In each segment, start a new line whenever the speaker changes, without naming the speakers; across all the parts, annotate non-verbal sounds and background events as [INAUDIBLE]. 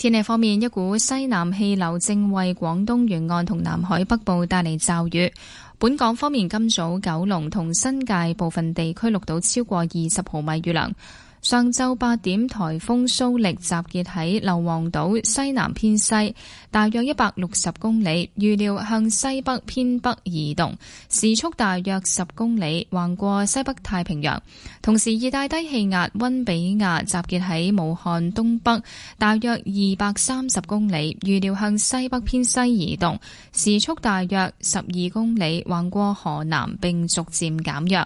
天氣方面，一股西南氣流正為廣東沿岸同南海北部帶嚟驟雨。本港方面，今早九龍同新界部分地區錄到超過二十毫米雨量。上晝八點，颱風蘇力集結喺硫磺島西南偏西，大約一百六十公里，預料向西北偏北移動，時速大約十公里，橫過西北太平洋。同時，熱帶低氣壓溫比亞集結喺武漢東北，大約二百三十公里，預料向西北偏西移動，時速大約十二公里，橫過河南並逐漸減弱。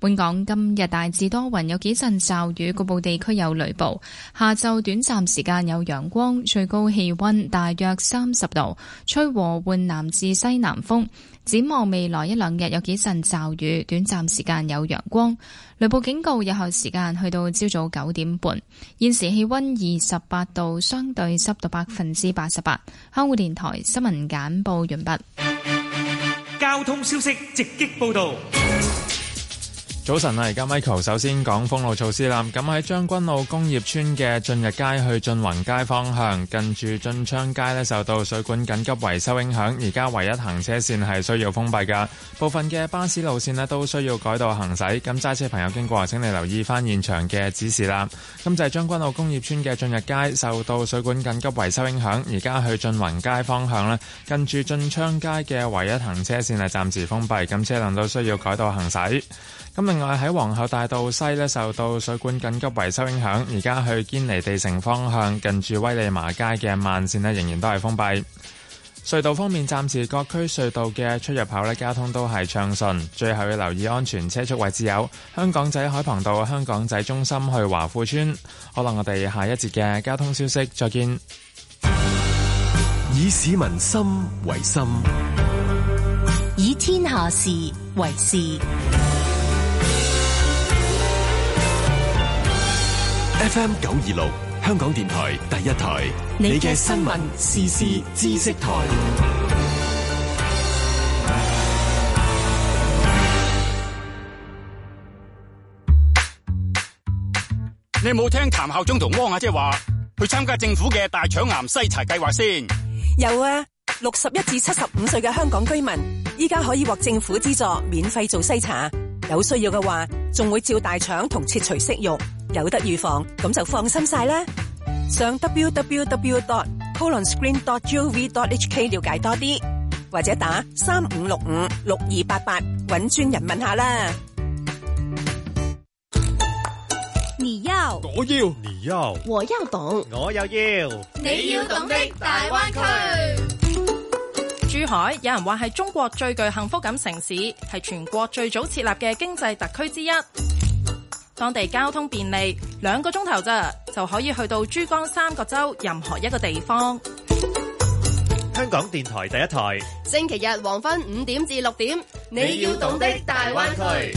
本港今日大致多雲，有幾陣驟雨，局部地區有雷暴。下晝短暫時間有陽光，最高氣溫大約三十度，吹和緩南至西南風。展望未來一兩日有幾陣驟雨，短暫時間有陽光，雷暴警告有效時間去到朝早九點半。現時氣溫二十八度，相對濕度百分之八十八。香港電台新聞簡報完畢。
交通消息直擊報道。早晨啊，而家 Michael 首先講封路措施啦。咁喺將軍路工業村嘅進入街去駿雲街方向，近住駿昌街咧，受到水管緊急維修影響，而家唯一行車線係需要封閉噶。部分嘅巴士路線咧都需要改道行駛。咁揸車朋友經過，請你留意翻現場嘅指示啦。咁就係將軍澳工業邨嘅進入街，受到水管緊急維修影響，而家去駿雲街方向咧，近住駿昌街嘅唯一行車線係暫時封閉，咁車輛都需要改道行駛。咁另外喺皇后大道西咧，受到水管緊急維修影響，而家去堅尼地城方向近住威利麻街嘅慢線咧，仍然都係封閉。隧道方面，暫時各區隧道嘅出入口咧，交通都係暢順。最後要留意安全車速位置有香港仔海傍道、香港仔中心去華富村。好啦，我哋下一節嘅交通消息再見。以市民心為心，
以天下事為事。
FM 九二六，香港電台第一台，你嘅新聞、時事、知識台。
你有冇聽譚校長同汪阿姐話去參加政府嘅大腸癌篩查計劃先？有啊，六十一至七十五歲嘅香港居民，依家可以獲政府資助免費做篩查，有需要嘅話，仲會照大腸同切除息肉。有得預防，咁就放心晒啦。上 www.colonscreen.gov.hk 了解多啲，或者打三五六五六二八八搵專人問下啦。你要，我要，你要，我又要。你要
懂的大灣區，珠海有人話係中國最具幸福感城市，係全國最早設立嘅經濟特區之一。當地交通便利，兩個鐘頭啫就可以去到珠江三角洲任何一個地方。
香港電台第一台，
星期日
黃昏五點至六點，你要懂的大灣區。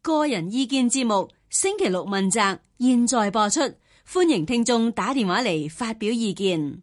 個人意見節目。星期六問責，現在播出，歡迎聽眾打電話嚟發表意見。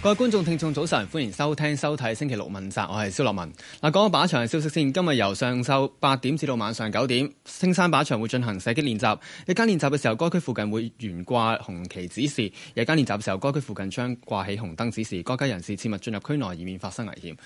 各位觀眾、聽眾早晨，歡迎收聽、收睇《星期六問責》，我係蕭洛汶。嗱，講下靶場嘅消息先。今日由上晝八點至到晚上九點，青山靶場會進行射擊練習。日間練習嘅時候，該區附近會懸掛紅旗指示；夜間練習嘅時候，該區附近將掛起紅燈指示，各界人士切勿進入區內，以免發生危險。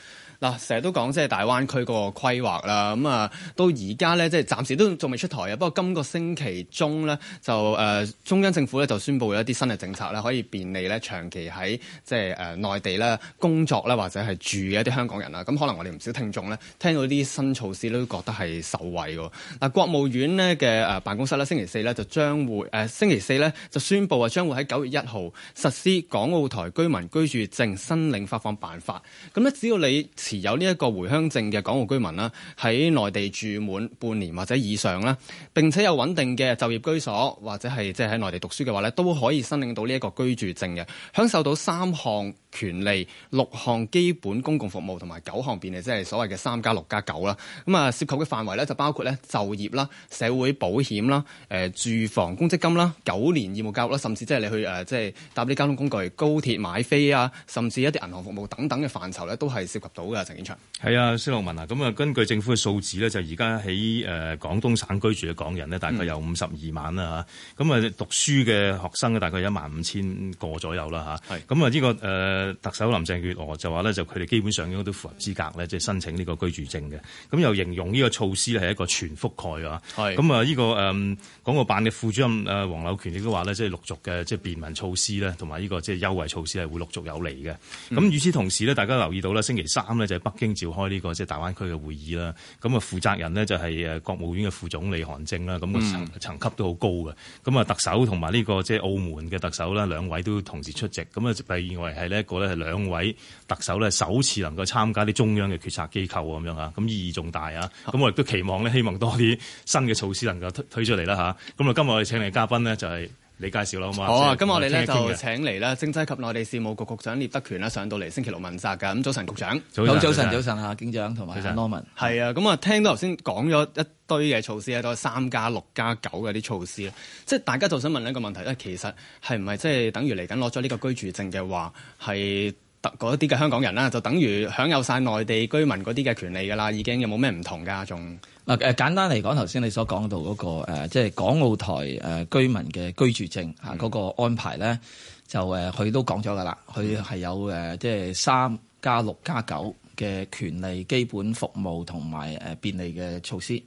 嗱，成日都講即係大灣區嗰個規劃啦，咁啊到而家呢，即係暫時都仲未出台啊。不過今個星期中呢，就誒中央政府呢，就宣布一啲新嘅政策呢，可以便利呢長期喺即係誒內地呢工作呢，或者係住嘅一啲香港人啦。咁可能我哋唔少聽眾呢，聽到啲新措施都覺得係受惠喎。嗱，國務院呢嘅誒辦公室呢，星期四呢，就將會誒星期四呢，就宣布啊，將會喺九月一號實施《港澳台居民居住證申領發放辦法》。咁呢，只要你，有呢一個回鄉證嘅港澳居民啦，喺內地住滿半年或者以上啦，並且有穩定嘅就業居所或者係即係喺內地讀書嘅話咧，都可以申領到呢一個居住證嘅，享受到三項權利、六項基本公共服務同埋九項便利，即係所謂嘅三加六加九啦。咁啊，涉及嘅範圍咧就包括呢就業啦、社會保險啦、誒住房公積金啦、九年義務教育啦，甚至即係你去誒即係搭啲交通工具、高鐵買飛啊，甚至一啲銀行服務等等嘅範疇呢，都係涉及到嘅。陳
景祥，係啊，蕭洛汶啊，咁啊，根據政府嘅數字咧，就而家喺誒廣東省居住嘅港人呢，大概有五十二萬啦嚇。咁啊、嗯，讀書嘅學生嘅大概一萬五千個左右啦嚇。咁啊是，呢個誒特首林鄭月娥就話咧，就佢哋基本上應該都符合資格咧，即係申請呢個居住證嘅。咁又形容呢個措施咧係一個全覆蓋啊。係咁啊，呢個誒港澳辦嘅副主任誒黃柳權亦都話咧，即、就、係、是、陸續嘅即係便民措施咧，同埋呢個即係優惠措施係會陸續有嚟嘅。咁、嗯、與此同時咧，大家留意到咧，星期三就係北京召開呢個即係大灣區嘅會議啦。咁啊，負責人呢，就係誒國務院嘅副總理韓正啦。咁個、嗯、層級都好高嘅。咁啊，特首同埋呢個即係澳門嘅特首啦，兩位都同時出席。咁啊，被認為係呢一個咧係兩位特首呢，首次能夠參加啲中央嘅決策機構咁樣啊。咁意義重大啊。咁我亦都期望呢，希望多啲新嘅措施能夠推出嚟啦吓，咁啊，今日我哋請嚟嘅嘉賓呢，就係、是。你介紹啦好嘛？好啊，咁我哋咧就
請嚟啦。政制及內地事務局局長聶德權啦，上到嚟星期六問責㗎。咁早晨，局長。早早晨，早晨啊，景祥同埋 Norman。係啊，咁啊，聽到頭先講咗一堆嘅措施咧，都係三加六加九嘅啲措施。即係大家就想問一個問題咧，其實係唔係即係等於嚟緊攞咗呢個居住證嘅話係？特嗰啲嘅香港人啦，就等於享有晒內地居民嗰啲嘅權利㗎啦，已經有冇咩唔同㗎？仲
嗱誒簡單嚟講，頭先你所講到嗰個誒，即係港澳台誒居民嘅居住證啊，嗰個安排咧，嗯、就誒佢都講咗㗎啦。佢係有誒，即係三加六加九嘅權利、基本服務同埋誒便利嘅措施。咁、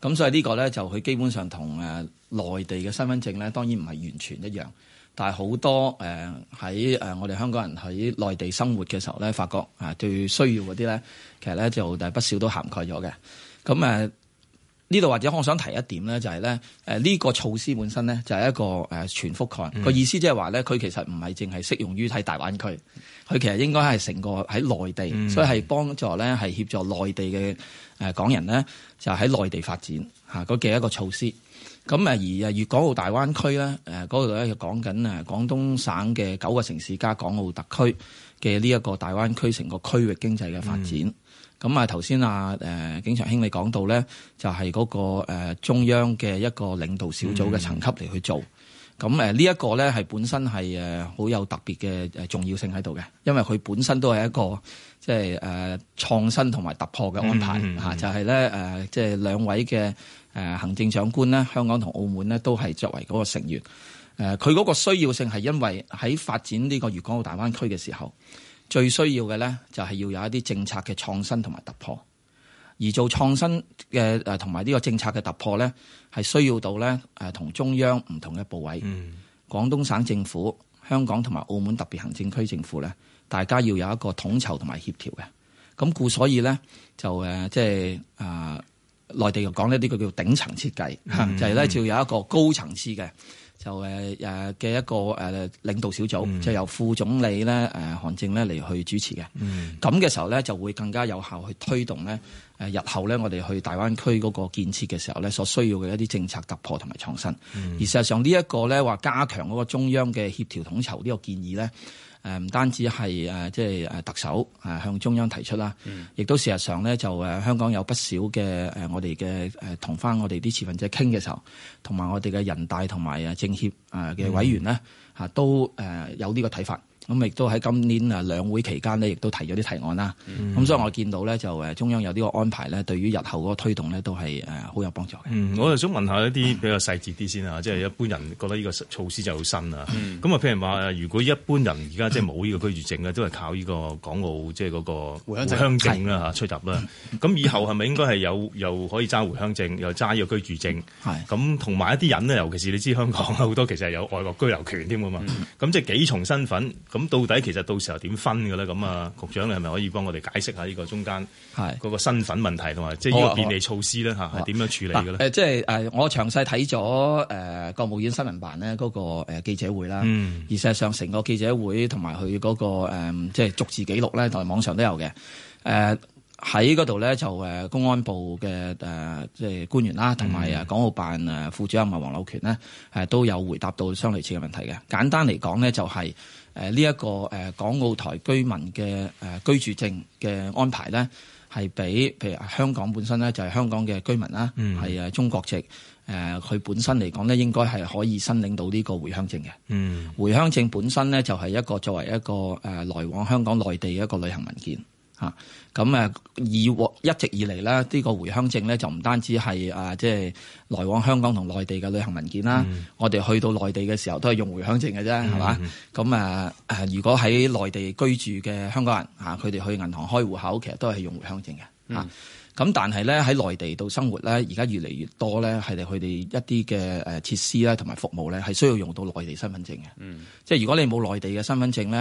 嗯、所以呢個咧就佢基本上同誒內地嘅身份證咧，當然唔係完全一樣。但係好多誒喺誒我哋香港人喺內地生活嘅時候咧，發覺啊最需要嗰啲咧，其實咧就但係不少都涵蓋咗嘅。咁誒呢度或者我想提一點咧，就係咧誒呢、呃這個措施本身咧，就係、是、一個誒、呃、全覆蓋個、嗯、意思就，即係話咧佢其實唔係淨係適用於喺大灣區，佢其實應該係成個喺內地，所以係幫助咧係協助內地嘅、呃、港人咧，就喺、是、內地發展嗰嘅、啊、一個措施。咁啊而啊粵港澳大灣區咧誒嗰度咧就講緊誒廣東省嘅九個城市加港澳特區嘅呢一個大灣區成個區域經濟嘅發展。咁啊頭先啊誒景祥兄你講到咧就係個誒中央嘅一個領導小組嘅層級嚟，去做、嗯嗯咁呢一個咧，係本身係誒好有特別嘅重要性喺度嘅，因為佢本身都係一個即係誒創新同埋突破嘅安排吓、mm hmm. 就係咧誒即係兩位嘅誒、呃、行政長官咧，香港同澳門咧都係作為嗰個成員誒。佢嗰個需要性係因為喺發展呢個粵港澳大灣區嘅時候，最需要嘅咧就係要有一啲政策嘅創新同埋突破。而做創新嘅誒同埋呢個政策嘅突破咧，係需要到咧誒同中央唔同嘅部委，嗯、廣東省政府、香港同埋澳門特別行政區政府咧，大家要有一個統籌同埋協調嘅。咁故所以咧就誒即係啊內地又講咧呢個叫頂層設計，嗯、是就係咧就有一個高層次嘅，就誒誒嘅一個誒、呃、領導小組，嗯、就由副總理咧誒、呃、韓正咧嚟去主持嘅。咁嘅、嗯、時候咧就會更加有效去推動咧。誒，日後咧，我哋去大灣區嗰個建設嘅時候咧，所需要嘅一啲政策突破同埋創新，而事實上呢一個咧話加強嗰個中央嘅協調統籌呢個建議咧，誒唔單止係誒即係誒特首向中央提出啦，亦都事實上咧就香港有不少嘅誒我哋嘅同翻我哋啲持份者傾嘅時候，同埋我哋嘅人大同埋政協誒嘅委員咧嚇都誒有呢個睇法。咁亦都喺今年啊兩會期間呢，亦都提咗啲提案啦。咁、嗯、所以我見到呢，就中央有呢個安排呢，對於日後嗰個推動呢，都係好有幫助嘅。嗯，
我就想問一下一啲比較細節啲先啊，嗯、即係一般人覺得呢個措施就好新啊。咁啊、嗯，譬如話，如果一般人而家即係冇呢個居住證嘅，嗯、都係靠呢個港澳即係嗰個回鄉證啦嚇出入啦。咁是以後係咪應該係有又可以揸回鄉證，又揸呢個居住證？咁同埋一啲人呢，尤其是你知香港好多其實係有外國居留權添㗎嘛。咁、嗯、即係幾重身份？咁到底其實到時候點分嘅咧？咁啊，局長你係咪可以幫我哋解釋下呢個中間嗰個身份問題同埋即係呢個便利措施咧吓，係點樣處理嘅咧、啊
啊啊啊呃？即係我詳細睇咗誒國務院新聞辦咧嗰個記記者會啦，嗯，而實際上成個記者會同埋佢嗰個即係、那個嗯就是、逐字記錄咧，同埋網上都有嘅誒。喺嗰度咧就公安部嘅誒、呃、即係官員啦，同埋港澳辦啊副主任黃柳權咧、呃、都有回答到相類似嘅問題嘅。簡單嚟講咧就係、是。誒呢一個、呃、港澳台居民嘅誒、呃、居住證嘅安排咧，係比譬如香港本身咧就係、是、香港嘅居民啦，係啊、嗯、中國籍誒佢、呃、本身嚟講咧應該係可以申領到呢個回鄉證嘅。嗯、回鄉證本身咧就係、是、一個作為一個誒、呃、來往香港內地嘅一個旅行文件。嚇咁誒，以往一直以嚟咧，呢、這個回鄉證咧就唔單止係啊，即、就、係、是、來往香港同內地嘅旅行文件啦。嗯、我哋去到內地嘅時候都係用回鄉證嘅啫，係嘛、嗯？咁啊，如果喺內地居住嘅香港人啊，佢哋去銀行開戶口，其實都係用回鄉證嘅。嚇咁、嗯啊，但係咧喺內地度生活咧，而家越嚟越多咧係哋佢哋一啲嘅誒設施啦，同埋服務咧係需要用到內地身份證嘅。嗯，即係如果你冇內地嘅身份證咧，誒、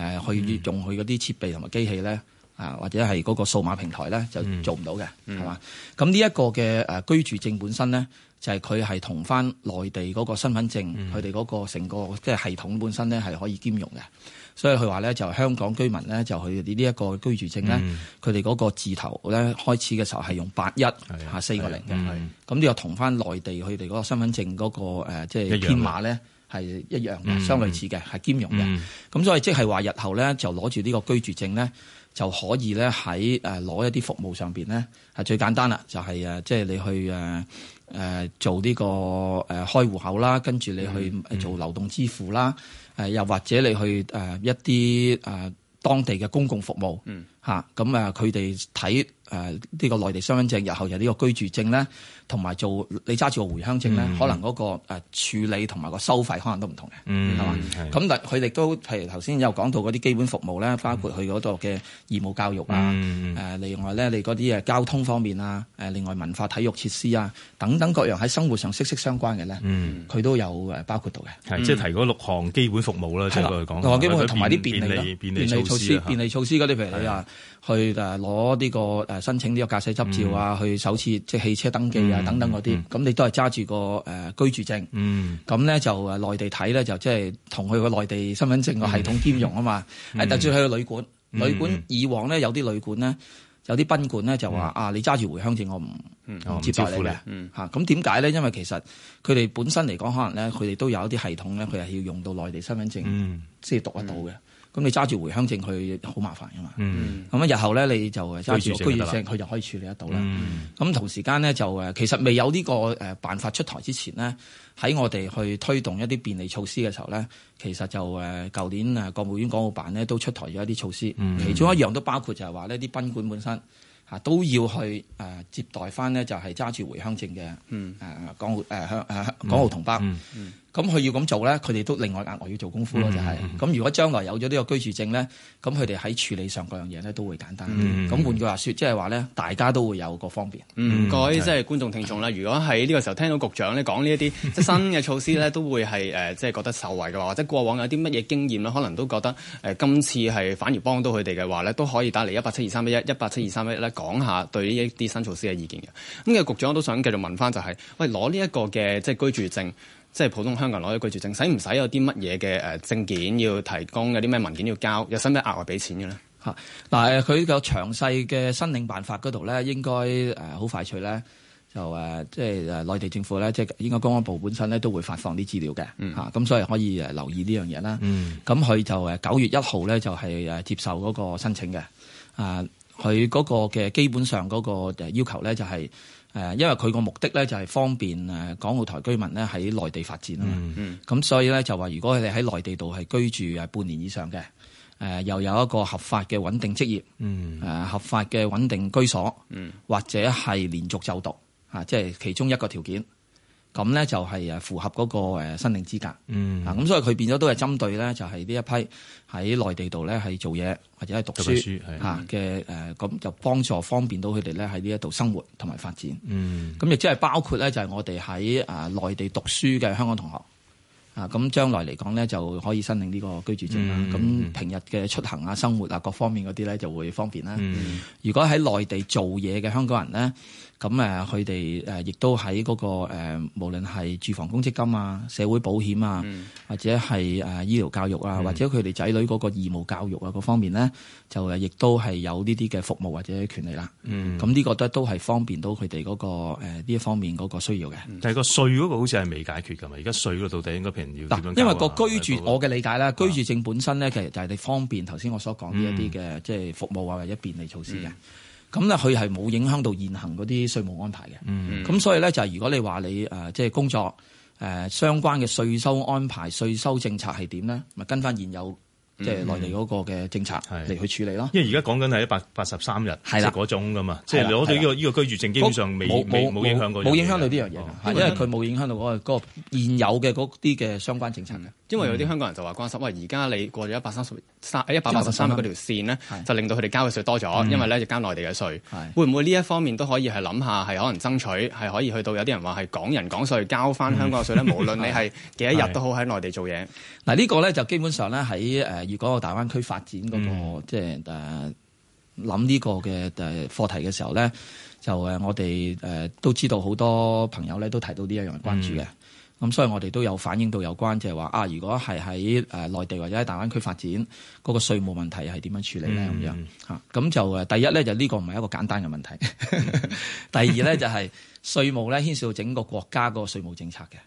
啊、去用佢嗰啲設備同埋機器咧。啊，或者係嗰個數碼平台咧，就做唔到嘅，係嘛？咁呢一個嘅誒居住證本身咧，就係佢係同翻內地嗰個身份證，佢哋嗰個成個即係系統本身咧係可以兼容嘅。所以佢話咧就香港居民咧就佢哋呢一個居住證咧，佢哋嗰個字頭咧開始嘅時候係用八一嚇四個零嘅，咁呢個同翻內地佢哋嗰個身份證嗰個誒即係編碼咧係一樣嘅，相類似嘅係兼容嘅。咁所以即係話日後咧就攞住呢個居住證咧。就可以咧喺誒攞一啲服務上面呢，咧係最簡單啦，就係、是、誒、呃、即係你去誒、呃、做呢、這個誒、呃、開戶口啦，跟住你去做流動支付啦、呃，又或者你去誒、呃、一啲誒、呃、當地嘅公共服務吓咁、嗯、啊佢哋睇。誒呢、呃呢個內地身份證，日後有呢個居住證咧，同埋做你揸住個回鄉證咧，嗯、可能嗰個誒處理同埋個收費可能都唔同嘅，
係嘛、嗯？咁
但佢哋都譬如頭先有講到嗰啲基本服務咧，包括佢嗰度嘅義務教育啊，嗯、啊另外咧你嗰啲誒交通方面啊，另外文化體育設施啊，等等各樣喺生活上息息相關嘅咧，佢、嗯、都有包括到嘅，係、嗯、即係提
嗰六項基本服務啦，同埋的講同埋啲便利、便利，措便利措施、便利措施嗰
啲，譬如你話。去誒攞呢個誒申請呢個駕駛執照啊，嗯、去首次即係汽車登記啊，等等嗰啲，咁、嗯嗯、你都係揸住個誒、呃、居住證。嗯。咁咧就誒內地睇咧，就即係同佢個內地身份證個系統兼容啊嘛。誒、嗯啊，特別係個旅館，嗯、旅館以往咧有啲旅館咧，有啲賓館咧就話、嗯、啊，你揸住回鄉證我唔
接受你嘅、嗯。
嗯。咁點解咧？因為其實佢哋本身嚟講，可能咧佢哋都有一啲系統咧，佢係要用到內地身份證，即係、嗯、讀得到嘅。嗯嗯咁你揸住回鄉證佢好麻煩嘅嘛？咁啊、嗯，日後咧你就揸住居住證，佢就可以處理得到啦。咁、嗯、同時間咧就其實未有呢個誒辦法出台之前咧，喺我哋去推動一啲便利措施嘅時候咧，其實就誒舊年啊國務院港澳辦咧都出台咗一啲措施，嗯、其中一樣都包括就係話呢啲賓館本身吓都要去誒、呃、接待翻咧，就係揸住回鄉證嘅誒港澳香港澳同胞。嗯嗯嗯嗯。咁佢要咁做咧，佢哋都另外額外要做功夫咯，就係咁。Hmm. 如果將來有咗呢個居住證咧，咁佢哋喺處理上嗰
樣嘢咧都會簡單。
咁、mm hmm. 換
句話説，即係話咧，大家都會有個方便。
各位、mm，即、hmm.
係觀眾聽眾啦。是如果喺呢個時候聽到局長咧講呢一啲即新嘅措施咧，都會係誒即係覺得受惠嘅話， [LAUGHS] 或者過往有啲乜嘢經驗咧，可能都覺得誒今次係反而幫到佢哋嘅話咧，都可以打嚟一八七二三一一一八七二三一一咧講下對呢一啲新措施嘅意見嘅。咁、這、嘅、個、局長都想繼續問翻、就是，就係喂攞呢一個嘅即係居住證。即係普通香港攞咗居住證，使唔使有啲乜嘢嘅誒證件要提供，有啲咩文件要交，有唔咩額外俾錢嘅咧？吓嗱，佢個詳細嘅申領辦法嗰度咧，應該好快脆咧，
就即係誒內地政府咧，即、就、係、是、應該公安部本身咧都會發放啲資料嘅，咁、嗯、所以可以留意呢樣嘢啦。咁佢、嗯、就誒九月一號咧就係接受嗰個申請嘅。啊，佢嗰個嘅基本上嗰個要求咧就係、是。誒，因為佢個目的咧就係方便誒港澳台居民咧喺內地發展啊嘛，咁、mm hmm. 所以咧就話，如果佢哋喺內地度係居住半年以上嘅，誒又有一個合法嘅穩定職業，誒、mm hmm. 合法嘅穩定居所，或者係連續就讀，啊，即係其中一個條件。咁咧就係符合嗰個申領資格，啊咁、嗯、所以佢變咗都係針對咧，就係呢一批喺內地度咧係做嘢或者係讀書嚇嘅誒，咁就幫助方便到佢哋咧喺呢一度生活同埋發展。咁亦即係包括咧，就係我哋喺啊內地讀書嘅香港同學，啊咁將來嚟講咧就可以申領呢個居住證啦。咁、嗯、平日嘅出行啊、生活啊各方面嗰啲咧就會方便啦。嗯、如果喺內地做嘢嘅香港人咧。咁誒，佢哋誒亦都喺嗰個誒，無論係住房公積金啊、社會保險啊，嗯、或者係誒醫療教育啊，嗯、或者佢哋仔女嗰個義務教育啊嗰方面咧，就誒亦都係有呢啲嘅服務或者權利啦。嗯，咁呢個都都係方便到佢哋嗰個呢、呃、
一方面嗰個需要嘅。但係個稅嗰個好似係未解決㗎嘛？而家稅嗰個到底應該平要因為個
居住，的我嘅理解啦的居住證本身咧，其實就係你方便頭先我所講呢一啲嘅即係服務啊，或者便利措施嘅。嗯嗯咁咧，佢係冇影響到現行嗰啲稅務安排嘅。咁、嗯嗯、所以咧，就係如果你話你、呃、即係工作、呃、相關嘅稅收安排、稅收政策係點咧，咪跟翻現有。即係內地嗰個嘅政策嚟去處理咯，
因為而家講緊係一百八十三日嗰種噶嘛，即係攞到呢個居住證，基本上未冇影響過，冇影響
到呢樣嘢，因為佢
冇影響到嗰個現有嘅嗰啲嘅相關政策嘅。因為有啲香港人就話關心，喂，而家你過咗一百三十三一百八十三日嗰條線呢，就令到佢哋交嘅稅多咗，因為咧就交內地嘅稅。會唔會呢一方面都可以係諗下，係可能爭取，係可以去到有啲人話係港人港稅，交翻香港嘅稅咧，無論你係幾多日都好喺內地做嘢。嗱呢個咧就基本上咧喺如果個大灣區發展嗰、那個即係誒
諗呢個嘅誒課題嘅時候咧，就誒我哋誒都知道好多朋友咧都提到呢一樣關注嘅，咁、嗯、所以我哋都有反映到有關，就係、是、話啊，如果係喺誒內地或者喺大灣區發展嗰、那個稅務問題係點樣處理咧咁樣嚇，咁、嗯、就誒第一咧就呢個唔係一個簡單嘅問題，嗯、 [LAUGHS] 第二咧呢 [LAUGHS] 就係稅務咧牽涉到整個國家嗰個稅務政策嘅，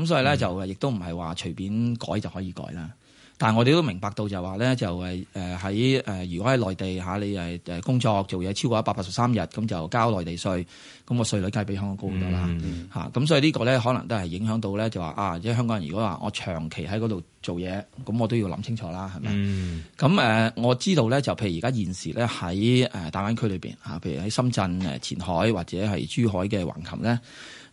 咁所以咧就亦都唔係話隨便改就可以改啦。但我哋都明白到就話咧，就係誒喺誒如果喺內地嚇、啊、你係工作做嘢超過一百八十三日，咁就交內地稅，咁、那個稅率梗係比香港高好多啦嚇。咁、嗯啊、所以個呢個咧可能都係影響到咧，就話啊，即係香港人如果話我長期喺嗰度做嘢，咁我都要諗清楚啦，係咪？咁誒、嗯啊，我知道咧，就譬如而家現時咧喺大灣區裏面，嚇、啊，譬如喺深圳前海或者係珠海嘅橫琴咧，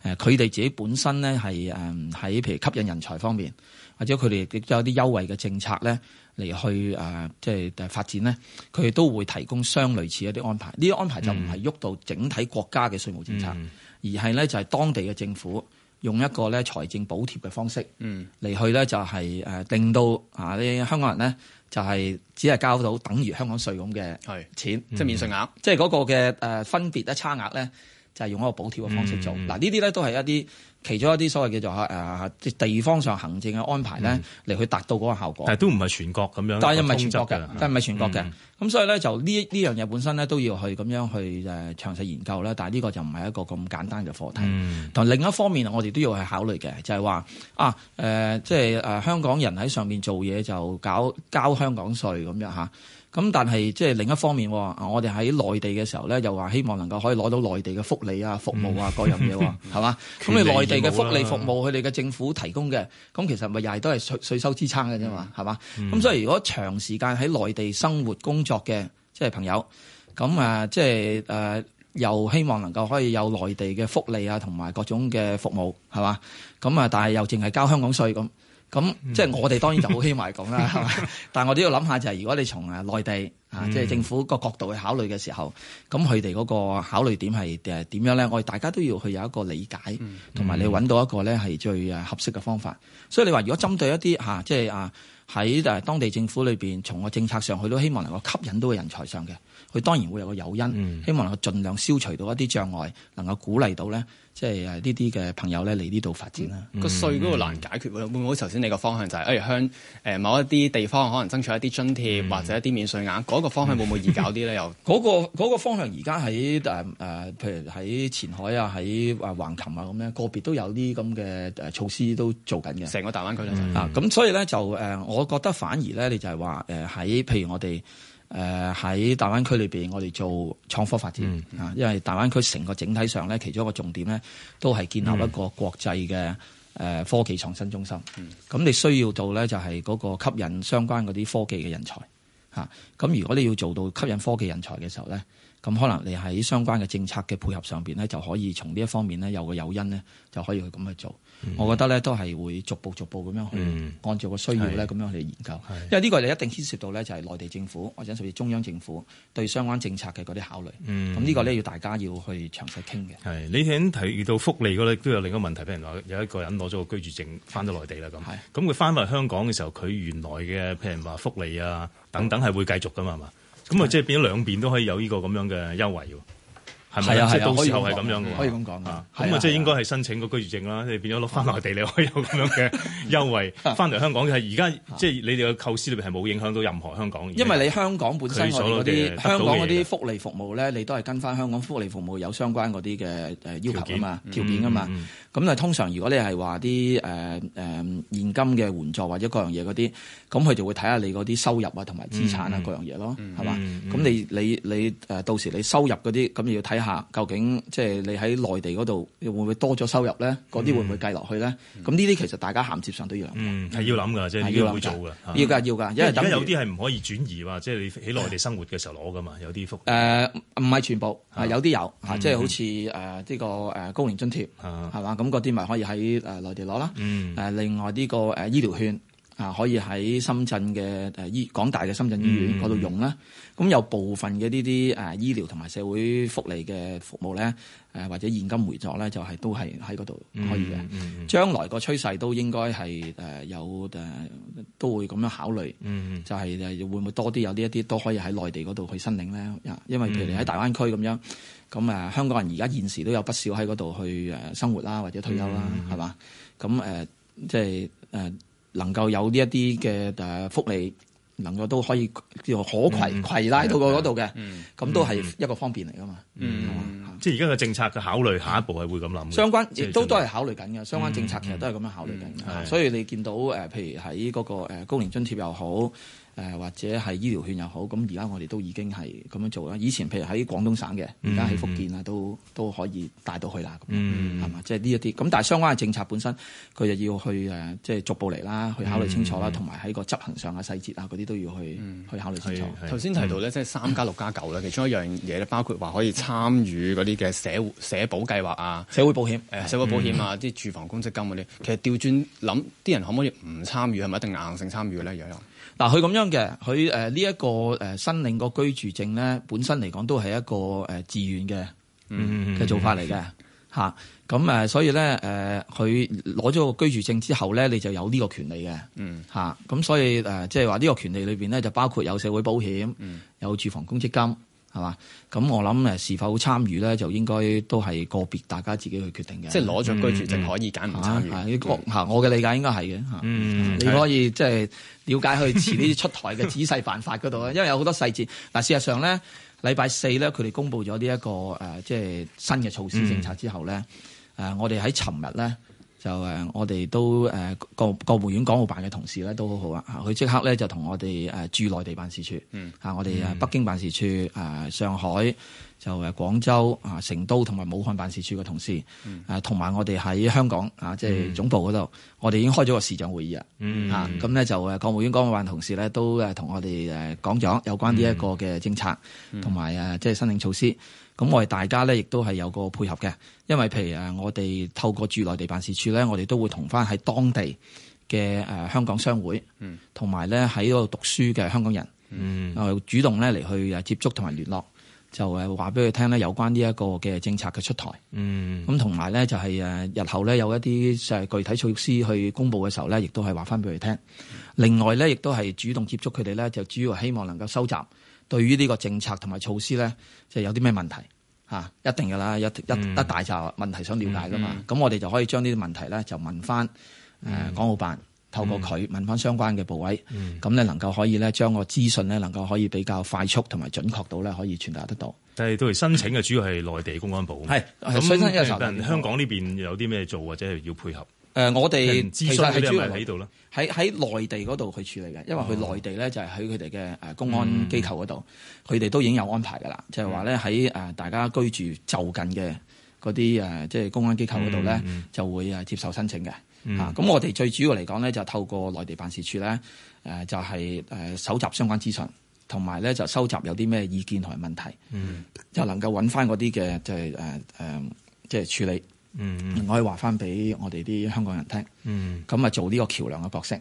誒佢哋自己本身咧係誒喺譬如吸引人才方面。或者佢哋亦都有啲優惠嘅政策咧嚟去誒，即、呃、係、就係、發展咧，佢都會提供相類似一啲安排。呢啲安排就唔係喐到整體國家嘅稅務政策，嗯、而係咧就係、係、當地嘅政府用一個咧財政補貼嘅方式嚟、嗯、去咧就係誒令到啊啲香港人咧就係、係、只係交到等於香港稅咁嘅錢，即係免稅額，即係嗰個嘅誒分別咧差額咧就係、係、用一個補貼嘅方式做。嗱呢啲咧都係一啲。其中一啲所謂叫做嚇誒即係地方上的行政嘅安排咧，嚟去達到嗰個效果。嗯、但係都
唔係全國咁樣的。但係因為全國嘅，但係唔係全國嘅。
咁、嗯、所以咧就呢呢樣嘢本身咧都要去咁樣去誒詳細研究啦。但係呢個就唔係一個咁簡單嘅課題。同、嗯、另一方面，我哋都要去考慮嘅，就係、是、話啊誒、呃，即係誒、啊、香港人喺上面做嘢就交交香港稅咁樣嚇。啊。咁但係即係另一方面，我哋喺內地嘅時候咧，又話希望能夠可以攞到內地嘅福利啊、服務啊、嗯、各樣嘢，係嘛？咁你 [LAUGHS] 內地嘅福利服務，佢哋嘅政府提供嘅，咁其實咪又係都係稅稅收支撐嘅啫嘛，係嘛？咁、嗯、所以如果長時間喺內地生活工作嘅即係朋友，咁啊即係誒、呃、又希望能夠可以有內地嘅福利啊同埋各種嘅服務，係嘛？咁啊，但係又淨係交香港稅咁。咁即係我哋當然就好希望係咁啦，但我都要諗下就係、是，如果你從誒內地 [LAUGHS] 啊，即、就、係、是、政府個角度去考慮嘅時候，咁佢哋嗰個考慮點係誒點樣咧？我哋大家都要去有一個理解，同埋你揾到一個咧係最合適嘅方法。所以你話如果針對一啲嚇，即係啊喺誒、就是啊、當地政府裏邊從個政策上去都希望能夠吸引到嘅人才上嘅。佢當然會有個誘因，希望能夠盡量消除到一啲障礙，嗯、能夠鼓勵到咧，即係呢啲嘅朋友咧嚟呢度發展啦。個稅嗰度難
解決喎，會唔會頭先你個方向就係、是、誒、欸、向某一啲地方可能爭取一啲津貼、嗯、或者一啲免稅額，嗰、那個方向會唔會易搞啲咧？又嗰個嗰、那個、方向而家喺誒譬如喺前海啊，喺
誒橫琴啊咁樣個別都有啲咁嘅措施都做緊嘅，成個大灣區、就是嗯、啊！咁所以咧就、呃、我覺得反而咧，你就係話喺譬如我哋。誒喺大灣區裏面，我哋做創科發展啊，嗯、因為大灣區成個整體上咧，其中一個重點咧，都係建立一個國際嘅誒科技創新中心。咁、嗯、你需要做咧，就係嗰個吸引相關嗰啲科技嘅人才嚇。咁如果你要做到吸引科技人才嘅時候咧，咁可能你喺相關嘅政策嘅配合上面咧，就可以從呢一方面咧有個誘因咧，就可以去咁去做。我覺得咧都係會逐步逐步咁樣去按照
個需要咧咁樣去研究，嗯、
因為呢個就一定牽涉到咧就係內地政府或者甚至中央政府
對相關政策嘅嗰啲考慮。咁呢、嗯、個咧要大家要去詳細傾嘅。你頭先提遇到福利嗰咧，都有另一個問題，譬如話有一個人攞咗個居住證翻到內地啦咁，咁佢翻翻香港嘅時候，佢原來嘅譬如話福利啊等等係、嗯、會繼續噶嘛，咁啊即係變咗兩邊都可以有呢個咁樣嘅優惠喎。係咪啊？係係到時候係咁樣嘅可以咁講啊。咁啊，即係應該係申請個居住證啦。你變咗攞翻內地，你可以有咁樣嘅優惠。翻嚟香港嘅係而家，即係你哋嘅構思裏邊係冇影響到任何香港。因為你香港本身嗰啲香港嗰啲
福利服務咧，你都係跟翻香港福利服務有相關嗰啲嘅誒要求啊嘛，條件啊嘛。咁啊，通常如果你係話啲誒誒現金嘅援助或者各樣嘢嗰啲，咁佢就會睇下你嗰啲收入啊同埋資產啊各樣嘢咯，係嘛？咁你你你誒到時你收入嗰啲咁你要睇下。嚇，究竟即係你喺內地嗰度會唔會多咗收入咧？嗰啲會唔會計落去咧？咁呢啲其實大家銜接上都要，嗯，
係要諗噶，即係要去做噶，要㗎要㗎，因為而家有啲係唔可以轉移啊，即係你喺內地生活嘅時候攞噶嘛，有啲福誒
唔係全部啊，有啲有啊，即係好似誒呢個誒高齡津貼嚇係嘛，咁嗰啲咪可以喺誒內地攞啦，誒另外呢個誒醫療券。啊！可以喺深圳嘅誒港大嘅深圳醫院嗰度用啦。咁、嗯、有部分嘅呢啲誒醫療同埋社會福利嘅服務咧，誒、啊、或者現金回贈咧，就係、是、都係喺嗰度可以嘅。嗯嗯嗯、將來個趨勢都應該係、啊、有誒、啊、都會咁樣考慮，嗯嗯、就係誒會唔會多啲有啲一啲都可以喺內地嗰度去申領咧？因為譬如喺大灣區咁樣咁、嗯啊、香港人而家現時都有不少喺嗰度去生活啦，或者退休啦，係嘛、嗯？咁誒即係誒。嗯能夠有呢一啲嘅誒福利，能夠都可以叫可攜攜帶到個嗰度嘅，
咁、嗯、都係
一個方便嚟㗎嘛。嗯，
是吧即係而家嘅政策嘅考慮，下一步係會咁諗。相關亦是都都係
考慮緊嘅，相關政策其實都係咁樣考慮緊嘅，嗯嗯，所以你見到誒，的譬如喺嗰個高齡津貼又好。誒或者係醫療券又好，咁而家我哋都已經係咁樣做啦。以前譬如喺廣東省嘅，而家喺福建啊，都、嗯、都可以帶到去啦，
係嘛、嗯？即
係呢一啲咁，但係相關嘅政策本身佢就要去即係、就是、逐步嚟啦，去考慮清楚啦，同埋喺個執行上嘅細節啊，嗰啲都要去、嗯、去考慮清楚。頭先提到咧，即係三加六
加九啦，其中一樣嘢咧，包括話可以參與嗰啲嘅社社保計劃啊、嗯呃、社會保險社會保險啊、啲住房公積金嗰啲。其實調轉諗，啲人可唔可以唔參與，係咪一定硬性參與咧？一樣。嗱，佢咁樣嘅，佢誒呢一個誒申領個居住證咧，
本身嚟講都係一個誒自願嘅
嘅做法嚟嘅，
吓咁誒，所以咧誒佢攞咗個居住證之後咧，你就有呢個權利嘅，吓咁、嗯嗯嗯、所以誒即係話呢個權利裏邊咧就包括有社會保險，嗯嗯有住房公積金。係嘛？咁我諗誒，是否參與咧，就應該都係個別大家自己去決定嘅。即係攞著居住證可以揀唔參與。嚇，我嘅理解應該係嘅
嚇。嗯，你可以
即係的了解去遲啲出台嘅仔細辦法嗰度 [LAUGHS] 因為有好多細節。嗱、啊、事實上咧，禮拜四咧佢哋公布咗呢一個即係、呃、新嘅措施政策之後咧、嗯啊，我哋喺尋日咧。就誒，我哋都誒國國務院港澳辦嘅同事咧，都好好啊！佢即刻咧就同我哋誒駐內地辦事處，
嚇、嗯、我哋誒北
京辦事處誒上海，就誒廣州啊、成都同埋武漢辦事處嘅同事，同埋、嗯、我哋喺香港啊，即、就、係、是、總部嗰度，嗯、我哋已經開咗個視像會議、嗯、啊，咁咧就誒國務院港澳辦同事咧都同我哋誒講咗有關呢一個嘅政策同埋即係申請措施，咁、嗯、我哋大家咧亦都係有個配合嘅，因為譬如我哋透過住內地辦事處咧，我哋都會同返喺當地嘅香港商會，同埋咧喺嗰度讀書嘅香港人，嗯、主動咧嚟去接觸同埋聯絡。就誒話俾佢聽咧，有關呢一個嘅政策嘅出台，
咁同
埋咧就係日後咧有一啲具體措施去公布嘅時候咧，亦都係話翻俾佢聽。另外咧，亦都係主動接觸佢哋咧，就主要係希望能夠收集對於呢個政策同埋措施咧，即係有啲咩問題、啊、一定㗎啦，一一一大紮問題想了解㗎嘛，咁、嗯、我哋就可以將呢啲問題咧就問翻誒港澳辦。嗯嗯透過佢問翻相關嘅部委，咁咧、嗯、能夠可以咧將個資訊咧能夠可以比較快速同埋準確到咧可以傳達得到。
但係都係申請嘅主要係內地公安部。係，申請、嗯、但香港呢邊有啲咩做或者係要配合？誒、呃，我哋資訊係主要喺度啦，
喺喺內地嗰度去處理嘅，嗯、因為佢內地咧就係喺佢哋嘅誒公安機構嗰度，佢哋、嗯、都已經有安排㗎啦，嗯、就係話咧喺誒大家居住就近嘅嗰啲誒，即係公安機構嗰度咧就會誒接受申請嘅。啊！咁、嗯、我哋最主要嚟講咧，就透過內地辦事處咧，誒就係誒搜集相關資訊，同埋咧就收集有啲咩意見同埋問題，又、嗯、能夠揾返嗰啲嘅即係誒誒即係處理。嗯，我可以話翻俾我哋啲香港人聽，咁啊做呢個橋梁嘅角色，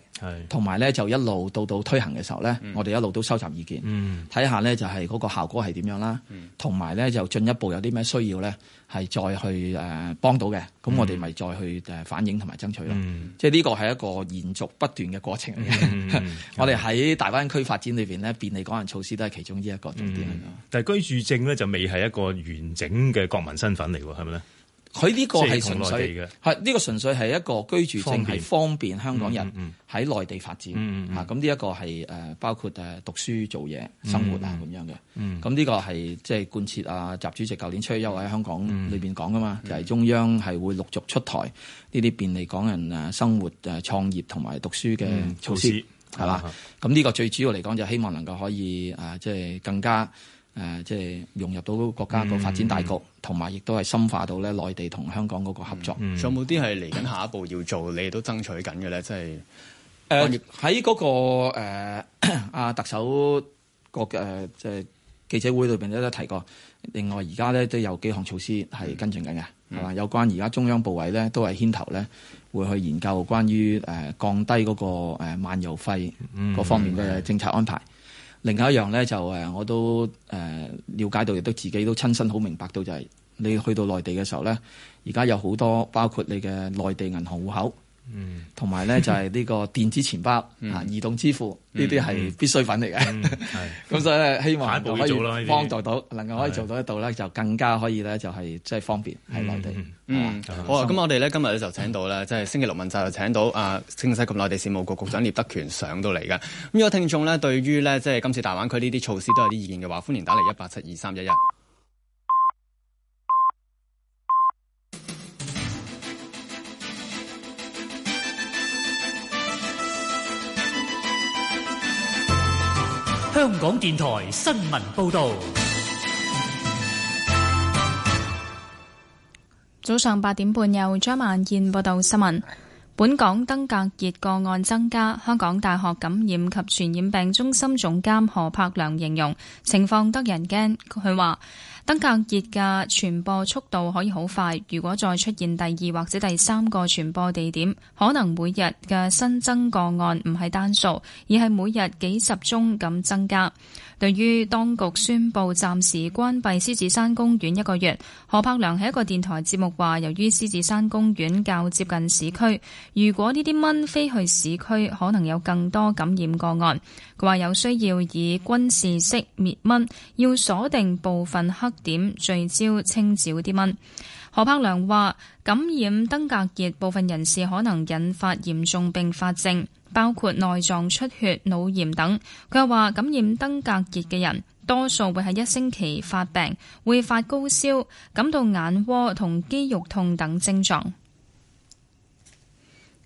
同埋咧就一路到到推行嘅時候咧，我哋一路都收集意見，睇下咧就係嗰個效果係點樣啦，同埋咧就進一步有啲咩需要咧，係再去誒幫到嘅，咁我哋咪再去誒反映同埋爭取咯，即係呢個係一個延續不斷嘅過程嚟嘅。我哋
喺大灣區發展裏面咧，便利港人措施都係其中一個重點。但居住證咧就未係一個完整嘅國民身份嚟喎，係咪咧？佢呢個係純粹係呢、呢個純粹係一個居住證，係方，便方便香港人喺內地發
展嚇。咁呢一個係誒、呃、包括誒讀書、做嘢、嗯、生活啊咁、嗯、樣嘅。咁、嗯、呢、嗯嗯、個係即係貫徹啊習主席舊年出去又喺香港裏面講噶嘛，嗯、就係中央係會陸續出台呢啲便利港人誒生活誒、呃、創業同埋讀書嘅措施，係嘛、嗯？咁呢吧、嗯嗯、個最主要嚟講就係希望能夠可以啊，即、就、係、是、更加。誒，即係、嗯就是、融入到國家個發展大局，同埋、嗯、亦都係深化到咧內地同香港嗰個
合作。嗯嗯、仲有冇啲係嚟緊下一步要做，呃、你哋都爭取緊嘅咧？即係誒喺嗰個阿、呃、特首個誒即係記者
會裏面都有提過。另外而家咧都有幾項措施係跟進緊嘅，係嘛、嗯？有關而家中央部委咧都係牽頭咧會去研究關於誒降低嗰個漫遊費各方面嘅政策安排。嗯嗯另外一樣呢，就我都誒、呃、了解到，亦都自己都親身好明白到、就係，就係你去到內地嘅時候呢，而家有好多包括你嘅內地銀行戶口。嗯，同埋咧，就係呢個電子錢包啊，移動支付呢啲係必需品嚟嘅。
係咁，所
以咧，希望幫
助
到，能夠可以做到一度咧，
就更加可以咧，就係即係方便
喺內地。
嗯，
好啊。咁
我哋咧，今日咧就請到啦，即係星期六晚就請到啊，政制及內地事務局局長聶德權上到嚟嘅。咁如果聽眾呢對於呢即係今次大灣區呢啲措施都有啲意見嘅話，歡迎打嚟一八七二三一一。
香港電台新聞報道。早上八點半由張，由張曼燕報道新聞。本港登革熱個案增加，香港大學感染及傳染病中心總監何柏良形容情況得人驚。佢話登革熱嘅傳播速度可以好快，如果再出現第二或者第三個傳播地點，可能每日嘅新增個案唔係單數，而係每日幾十宗咁增加。對於當局宣布暫時關閉獅子山公園一個月，何柏良喺一個電台節目話，由於獅子山公園較接近市區，如果呢啲蚊飛去市區，可能有更多感染個案。佢話有需要以軍事式滅蚊，要鎖定部分黑點，聚焦清剿啲蚊。何柏良話：感染登革熱部分人士可能引發嚴重併發症。包括內臟出血、腦炎等。佢又話，感染登革熱嘅人，多數會喺一星期發病，會發高燒，感到眼窩同肌肉痛等症狀。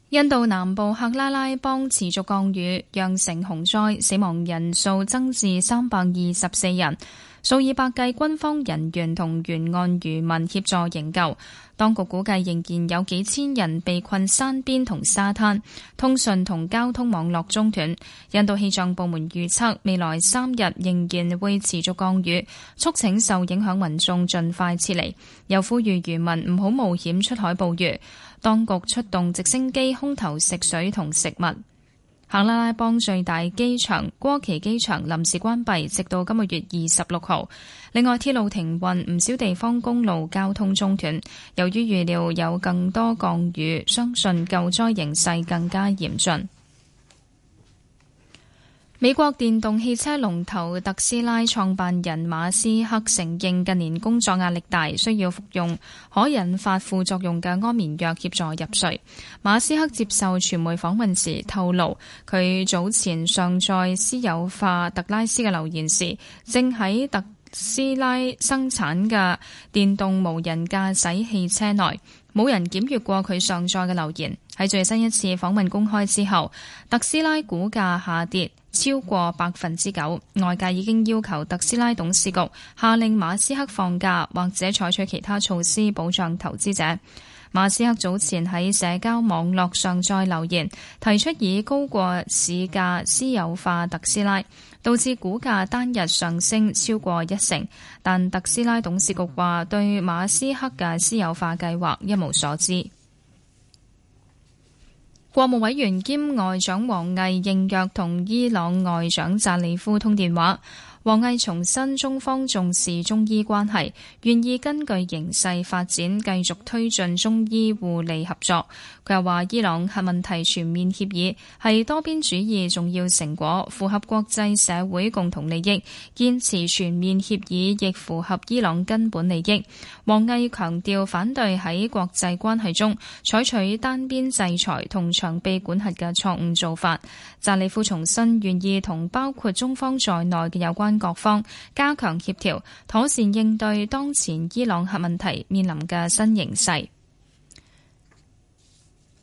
印度南部克拉拉邦持續降雨，釀成洪災，死亡人數增至三百二十四人，數以百計軍方人員同沿岸漁民協助營救。當局估計仍然有幾千人被困山邊同沙灘，通訊同交通網絡中斷。印度氣象部門預測未來三日仍然會持續降雨，促請受影響民眾盡快撤離，又呼籲漁民唔好冒險出海捕魚。當局出動直升機空投食水同食物。肯拉拉邦最大機場郭奇機場臨時關閉，直到今個月二十六號。另外，鐵路停運，唔少地方公路交通中斷。由於預料有更多降雨，相信救災形勢更加嚴峻。美國電動汽車龍頭特斯拉創辦人馬斯克承認近年工作壓力大，需要服用可引發副作用嘅安眠藥協助入睡。馬斯克接受傳媒訪問時透露，佢早前上載私有化特拉斯嘅留言時，正喺特斯拉生產嘅電動無人駕駛汽車內，冇人檢閱過佢上載嘅留言。喺最新一次訪問公開之後，特斯拉股價下跌。超過百分之九，外界已經要求特斯拉董事局下令馬斯克放假，或者採取其他措施保障投資者。馬斯克早前喺社交網絡上再留言，提出以高過市價私有化特斯拉，導致股價單日上升超過一成。但特斯拉董事局話對馬斯克嘅私有化計劃一無所知。國務委員兼外長王毅應約同伊朗外長扎里夫通電話。王毅重申中方重視中伊關係，願意根據形勢發展繼續推進中伊互利合作。佢又話：伊朗核問題全面協議係多邊主義重要成果，符合國際社會共同利益，堅持全面協議亦符合伊朗根本利益。王毅強調反對喺國際關係中採取單邊制裁同長臂管轄嘅錯誤做法。扎里夫重申願意同包括中方在內嘅有關。各方加強協調，妥善應對當前伊朗核問題面臨嘅新形勢。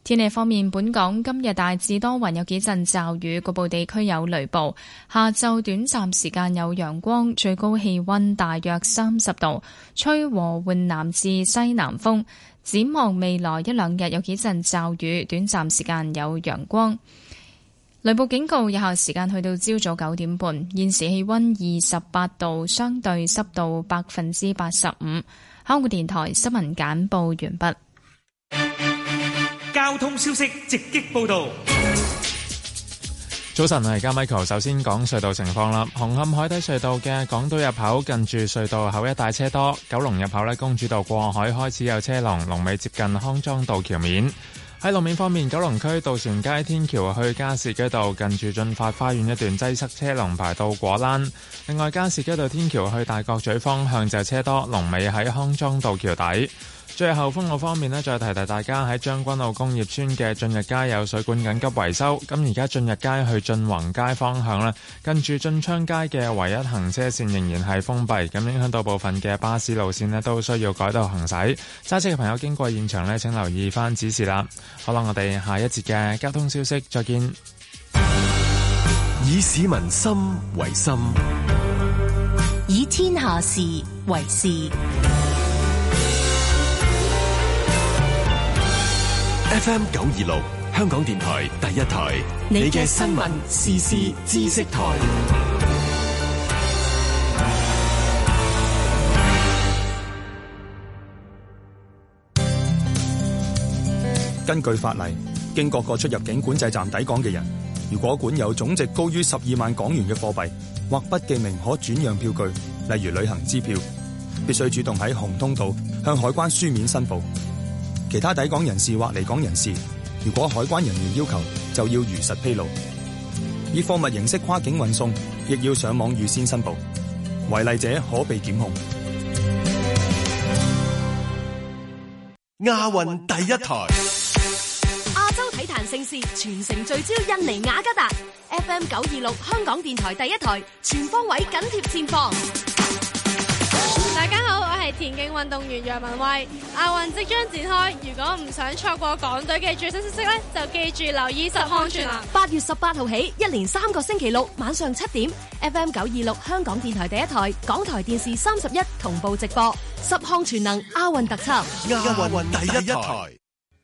天氣方面，本港今日大致多雲，有幾陣驟雨，局部地區有雷暴。下晝短暫時間有陽光，最高氣溫大約三十度，吹和緩南至西南風。展望未來一兩日，有幾陣驟雨，短暫時間有陽光。雷暴警告有效時間去到朝早九點半，現時氣溫二十八度，相對濕度百分之八十五。香港電台新聞簡報完畢。
交通消息直擊報道。
早晨，我係而家 Michael，首先講隧道情況啦。紅磡海底隧道嘅港島入口近住隧道口一帶車多，九龍入口呢，公主道過海開始有車龍，龍尾接近康莊道橋面。喺路面方面，九龍區渡船街天橋去加士居道近住進發花園一段擠塞車龍排到果欄。另外，加士居道天橋去大角咀方向就車多，龍尾喺康莊道橋底。最後封路方面咧，再提提大家喺將軍澳工業村嘅駿日街有水管緊急維修，咁而家駿日街去駿宏街方向咧，近住駿昌街嘅唯一行車線仍然係封閉，咁影響到部分嘅巴士路線呢都需要改道行駛。揸車嘅朋友經過現場呢請留意翻指示啦。好啦，我哋下一節嘅交通消息再見。以市民心為心，
以天下事為事。
FM 九二六，香港電台第一台。你嘅新聞時事知識台。
根據法例，經各個出入境管制站抵港嘅人，如果管有總值高於十二萬港元嘅貨幣或不記名可轉讓票據，例如旅行支票，必須主動喺紅通道向海關書面申報。其他抵港人士或離港人士，如果海關人員要求，就要如實披露。以貨物形式跨境運送，亦要上網預先申報，違例者可被檢控。
亞運第
一台，
亞洲體壇盛事全城聚焦印尼雅加達。
FM 九二六，香港電台第一台，全方位緊貼戰況。係田徑運動員楊文威，亞運即將展開，如果唔想錯過港隊嘅最新消息呢，就記住留意十項全能。八月十八號起，一連三個星期六晚上七點，FM 九二六香港電台第一台，港台電視三十一同步直播十項全能亞運特輯。亞運第
一台。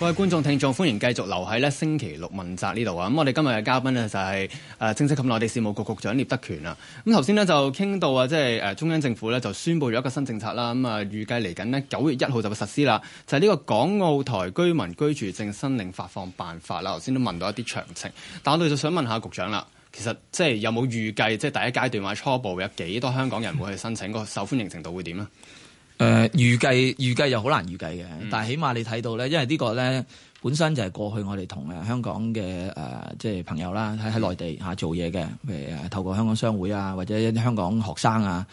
各位觀眾、聽眾，歡迎繼續留喺呢星期六問責呢度啊！咁、嗯、我哋今日嘅嘉賓呢、就是，就係誒，政制及內地事務局局長聶德權啊！咁頭先呢，就傾到啊，即係誒、呃、中央政府呢，就宣布咗一個新政策啦，咁、嗯、啊預計嚟緊呢，九月一號就會實施啦，就係、是、呢個港澳台居民居住證申領發放辦法啦。頭先都問到一啲詳情，但我哋就想問下局長啦，其實即係有冇預計即係第一階段或者初步有幾多香港人會去申請？個受歡迎程度會點呢？
誒、呃、預計預計又好難預計嘅，嗯、但係起碼你睇到咧，因為個呢個咧本身就係過去我哋同香港嘅誒、呃、即係朋友啦，喺喺內地下做嘢嘅，譬如誒透過香港商會啊，或者一啲香港學生啊，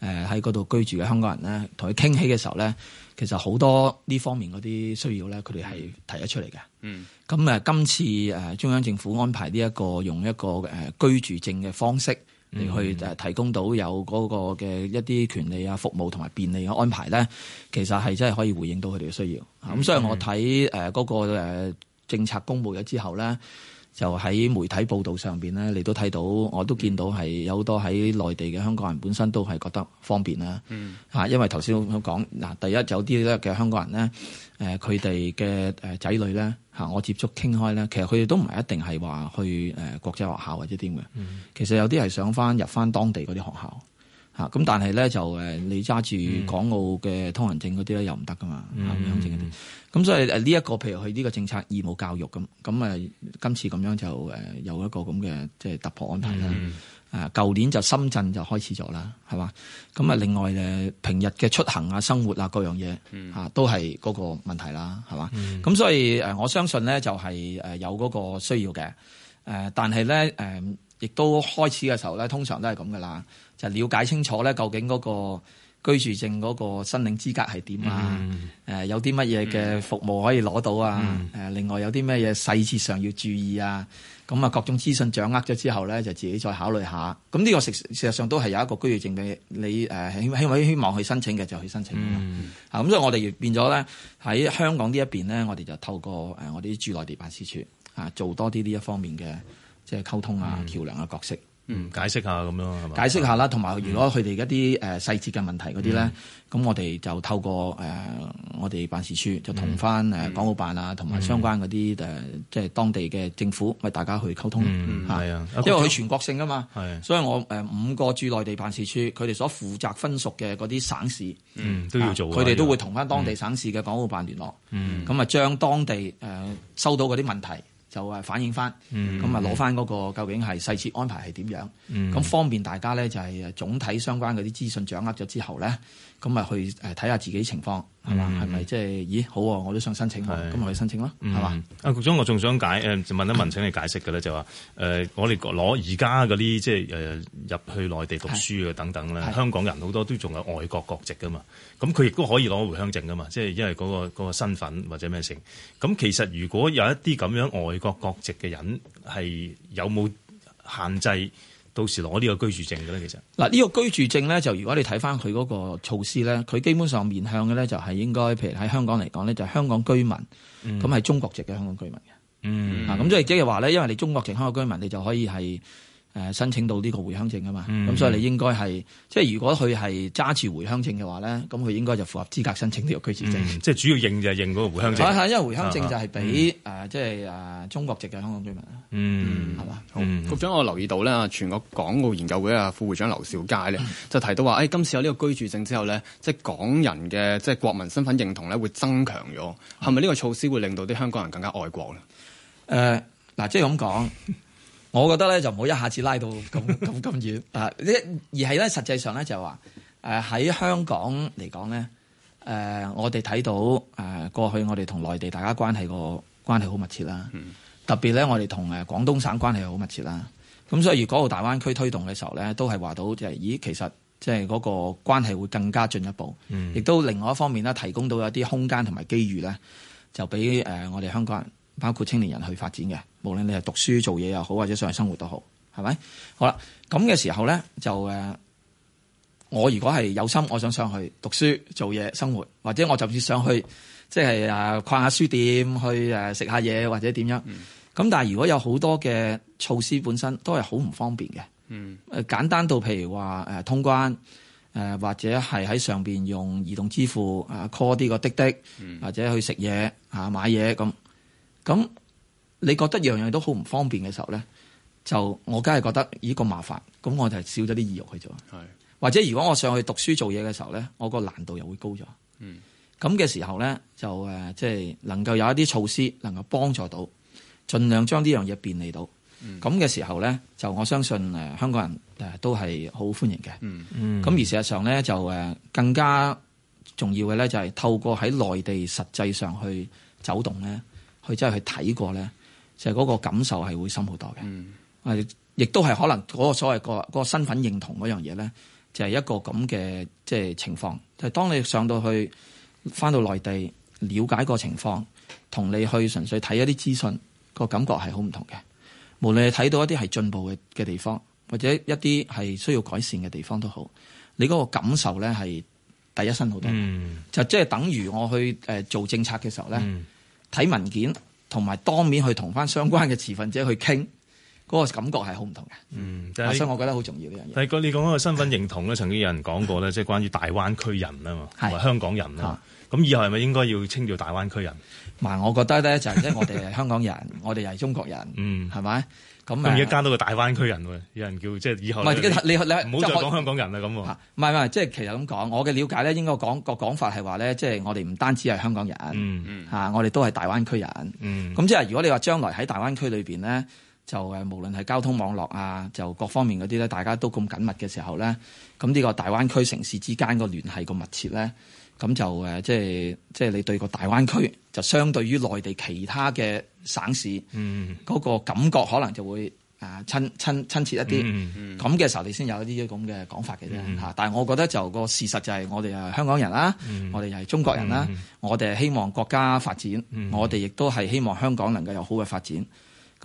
喺嗰度居住嘅香港人咧，同佢傾起嘅時候咧，其實好多呢方面嗰啲需要咧，佢哋係提得出嚟嘅。嗯，咁今次、呃、中央政府安排呢、這、一個用一個、呃、居住證嘅方式。你去誒提供到有嗰個嘅一啲權利啊、服務同埋便利嘅安排咧，其實係真係可以回應到佢哋嘅需要。咁、嗯、所以我睇誒嗰個誒政策公佈咗之後咧，嗯、就喺媒體報道上邊咧，你都睇到，我都見到係有好多喺內地嘅香港人本身都係覺得方便啦。嗯，吓，因為頭先我講嗱，第一有啲咧嘅香港人咧，誒，佢哋嘅誒仔女咧。嚇，我接觸傾開咧，其實佢哋都唔係一定係話去誒國際學校或者點嘅，嗯、其實有啲係想翻入翻當地嗰啲學校嚇，咁但係咧就誒你揸住港澳嘅通行證嗰啲咧又唔得噶嘛，通行證嗰啲，咁所以呢、這、一個譬如佢呢個政策義務教育咁，咁啊今次咁樣就誒有一個咁嘅即係突破安排啦。嗯誒舊年就深圳就開始咗啦，係嘛？咁啊，另外誒平日嘅出行啊、生活啊各樣嘢嚇、啊，都係嗰個問題啦，係嘛？咁、嗯、所以誒，我相信咧就係、是、誒有嗰個需要嘅誒，但係咧誒，亦、嗯、都開始嘅時候咧，通常都係咁嘅啦，就是、了解清楚咧，究竟嗰、那個。居住證嗰個申領資格係點啊？誒、嗯呃、有啲乜嘢嘅服務可以攞到啊？誒、嗯、另外有啲乜嘢細節上要注意啊？咁啊各種資訊掌握咗之後咧，就自己再考慮下。咁呢個實事實上都係有一個居住證嘅，你誒希、呃、希望去申請嘅就去申請的啦。啊咁、嗯嗯，所以我哋亦變咗咧喺香港呢一邊咧，我哋就透過誒我哋駐內地辦事處啊，做多啲呢一方面嘅即係溝通啊、橋梁嘅角色。
嗯，解釋下咁樣係嘛？解釋下
啦，同埋如果佢哋一啲誒細節嘅問題嗰啲咧，咁我哋就透過誒我哋辦事處就同翻誒港澳辦啊，同埋相關嗰啲誒即係當地嘅政府，咪大家去溝通嚇。因為佢全國性㗎嘛，係，所以我誒五個駐內地辦事處，佢哋所負責分屬嘅嗰啲省市，嗯，
都要做，佢哋都會
同翻當地省市嘅港澳辦聯絡，嗯，咁啊將當地誒收到嗰啲問題。就誒反映翻，嗯，
咁啊攞翻
嗰個究竟係細節安排係點樣，嗯，咁方便大家咧就係，誒，總體相關嗰啲資訊掌握咗之後咧。咁咪去誒睇下自己情況係嘛？係咪即係？咦好喎、啊！我都想申請，咁咪去申請咯，係嘛、
嗯？啊吧局長，我仲想解誒問一問，請你解釋嘅咧，就話誒、呃、我哋攞而家嗰啲即係誒入去內地讀書啊等等咧，是香港人好多都仲有外國國籍噶嘛，咁佢亦都可以攞回鄉證噶嘛，即、就、係、是、因為嗰、那個那個身份或者咩成，咁其實如果有一啲咁樣外國國籍嘅人係有冇限制？到時攞呢個居住證嘅咧，其實
嗱呢個居住證咧，就如果你睇翻佢嗰個措施咧，佢基本上面向嘅咧就係應該，譬如喺香港嚟講咧，就係、香港居民，咁係、嗯、中國籍嘅香港居民嘅，嗯、啊咁即係即係話咧，因為你中國籍香港居民，你就可以係。誒申請到呢個回鄉證啊嘛，咁、嗯、所以你應該係即係如果佢係揸住回鄉證嘅話咧，咁佢應該就符合資格申請呢個居住證。嗯、
即係主要認就係認嗰個回鄉證。係係，因為回鄉證就係俾、嗯
呃、即係、啊、中國籍嘅香港居民嗯，
係嘛吧？嗯，局長，我留意到咧，全國港澳研究會啊副，副會長劉兆佳咧就提到話，誒、嗯哎、今次有呢個居住證之後咧，即係港人嘅即係國民身份認同咧會增強咗。係咪呢個措施會令到啲香港人更加愛國咧？誒嗱、呃，即係咁講。我覺得咧就唔好一下子拉到咁咁咁遠啊！
[LAUGHS] 而係咧，實際上咧就話誒，喺香港嚟講咧誒，我哋睇到誒過去我哋同內地大家關係個關係好密切啦。特別咧，我哋同誒廣東省關係好密切啦。咁所以如果個大灣區推動嘅時候咧，都係話到誒，咦，其實即係嗰個關係會更加進一步，亦都另外一方面咧，提供到一啲空間同埋機遇咧，就俾誒我哋香港人，包括青年人去發展嘅。無論你係讀書做嘢又好，或者上去生活都好，係咪？好啦，咁嘅時候咧，就誒，我如果係有心，我想上去讀書、做嘢、生活，或者我就算上去，即係誒逛下書店、去誒食下嘢或者點樣。咁、嗯、但係如果有好多嘅措施本身都係好唔方便嘅。誒，嗯、簡單到譬如話誒通關誒，或者係喺上邊用移動支付啊 call 啲個滴滴，嗯、或者去食嘢吓買嘢咁咁。你覺得樣樣都好唔方便嘅時候咧，就我梗係覺得呢個麻煩，咁我就係少咗啲意欲去做。係是，或者如果我上去讀書做嘢嘅時候咧，我個難度又會高咗。嗯，咁嘅時候咧，就誒，即係能夠有一啲措施，能夠幫助到，盡量將呢樣嘢便利到。咁嘅、嗯、時候咧，就我相信誒，香港人誒都係好歡迎嘅。嗯嗯，咁而事實上咧，就誒更加重要嘅咧，就係、是、透過喺內地實際上去走動咧，去即係去睇過咧。就係嗰個感受係會深好多嘅，係亦都係可能嗰個所謂個身份認同嗰樣嘢咧，就係、是、一個咁嘅即係情況。就係、是、當你上到去翻到內地了解個情況，同你去純粹睇一啲資訊，個感覺係好唔同嘅。無論你睇到一啲係進步嘅嘅地方，或者一啲係需要改善嘅地方都好，你嗰個感受咧係第一身好多。嗯、就即係等於我去誒做政策嘅時候咧，睇、嗯、文件。同埋當面去同翻相關嘅持份者去傾，嗰、那個感覺係好唔同嘅。
嗯，就是、所以我
覺得好重要呢樣嘢。但
係你講嗰個身份認同咧， [LAUGHS] 曾經有人講過咧，即、就、係、是、關於大灣區人啊嘛，同埋 [LAUGHS] 香港人啊。咁 [LAUGHS] 以後係咪應該要稱叫大灣區人？嗱、嗯，我覺得咧就係即係我哋係香港人， [LAUGHS] 我哋又係中國人，嗯，係咪？咁而家都係大灣區人喎，有人叫即係以後唔係，你唔好再講香港人啦。咁喎，
唔係唔係，即係其實咁講，我嘅了解咧，應該講個講法係話咧，即係我哋唔單止係香港人，嚇我哋都係大灣區人。咁即係如果你話將來喺大灣區裏邊咧，就誒無論係交通網絡啊，就各方面嗰啲咧，大家都咁緊密嘅時候咧，咁呢個大灣區城市之間個聯繫咁密切咧。咁就誒，即係即係你對個大灣區，就相對於內地其他嘅省市，嗰、嗯、個感覺可能就會啊親親親切一啲。
咁
嘅、嗯嗯、時候，你先有一啲咁嘅講法嘅啫吓、嗯、但係我覺得就、個事實就係、是，我哋係香港人啦、啊，嗯、我哋係中國人啦、啊，嗯、我哋係希望國家發展，嗯、我哋亦都係希望香港能夠有好嘅發展。咁、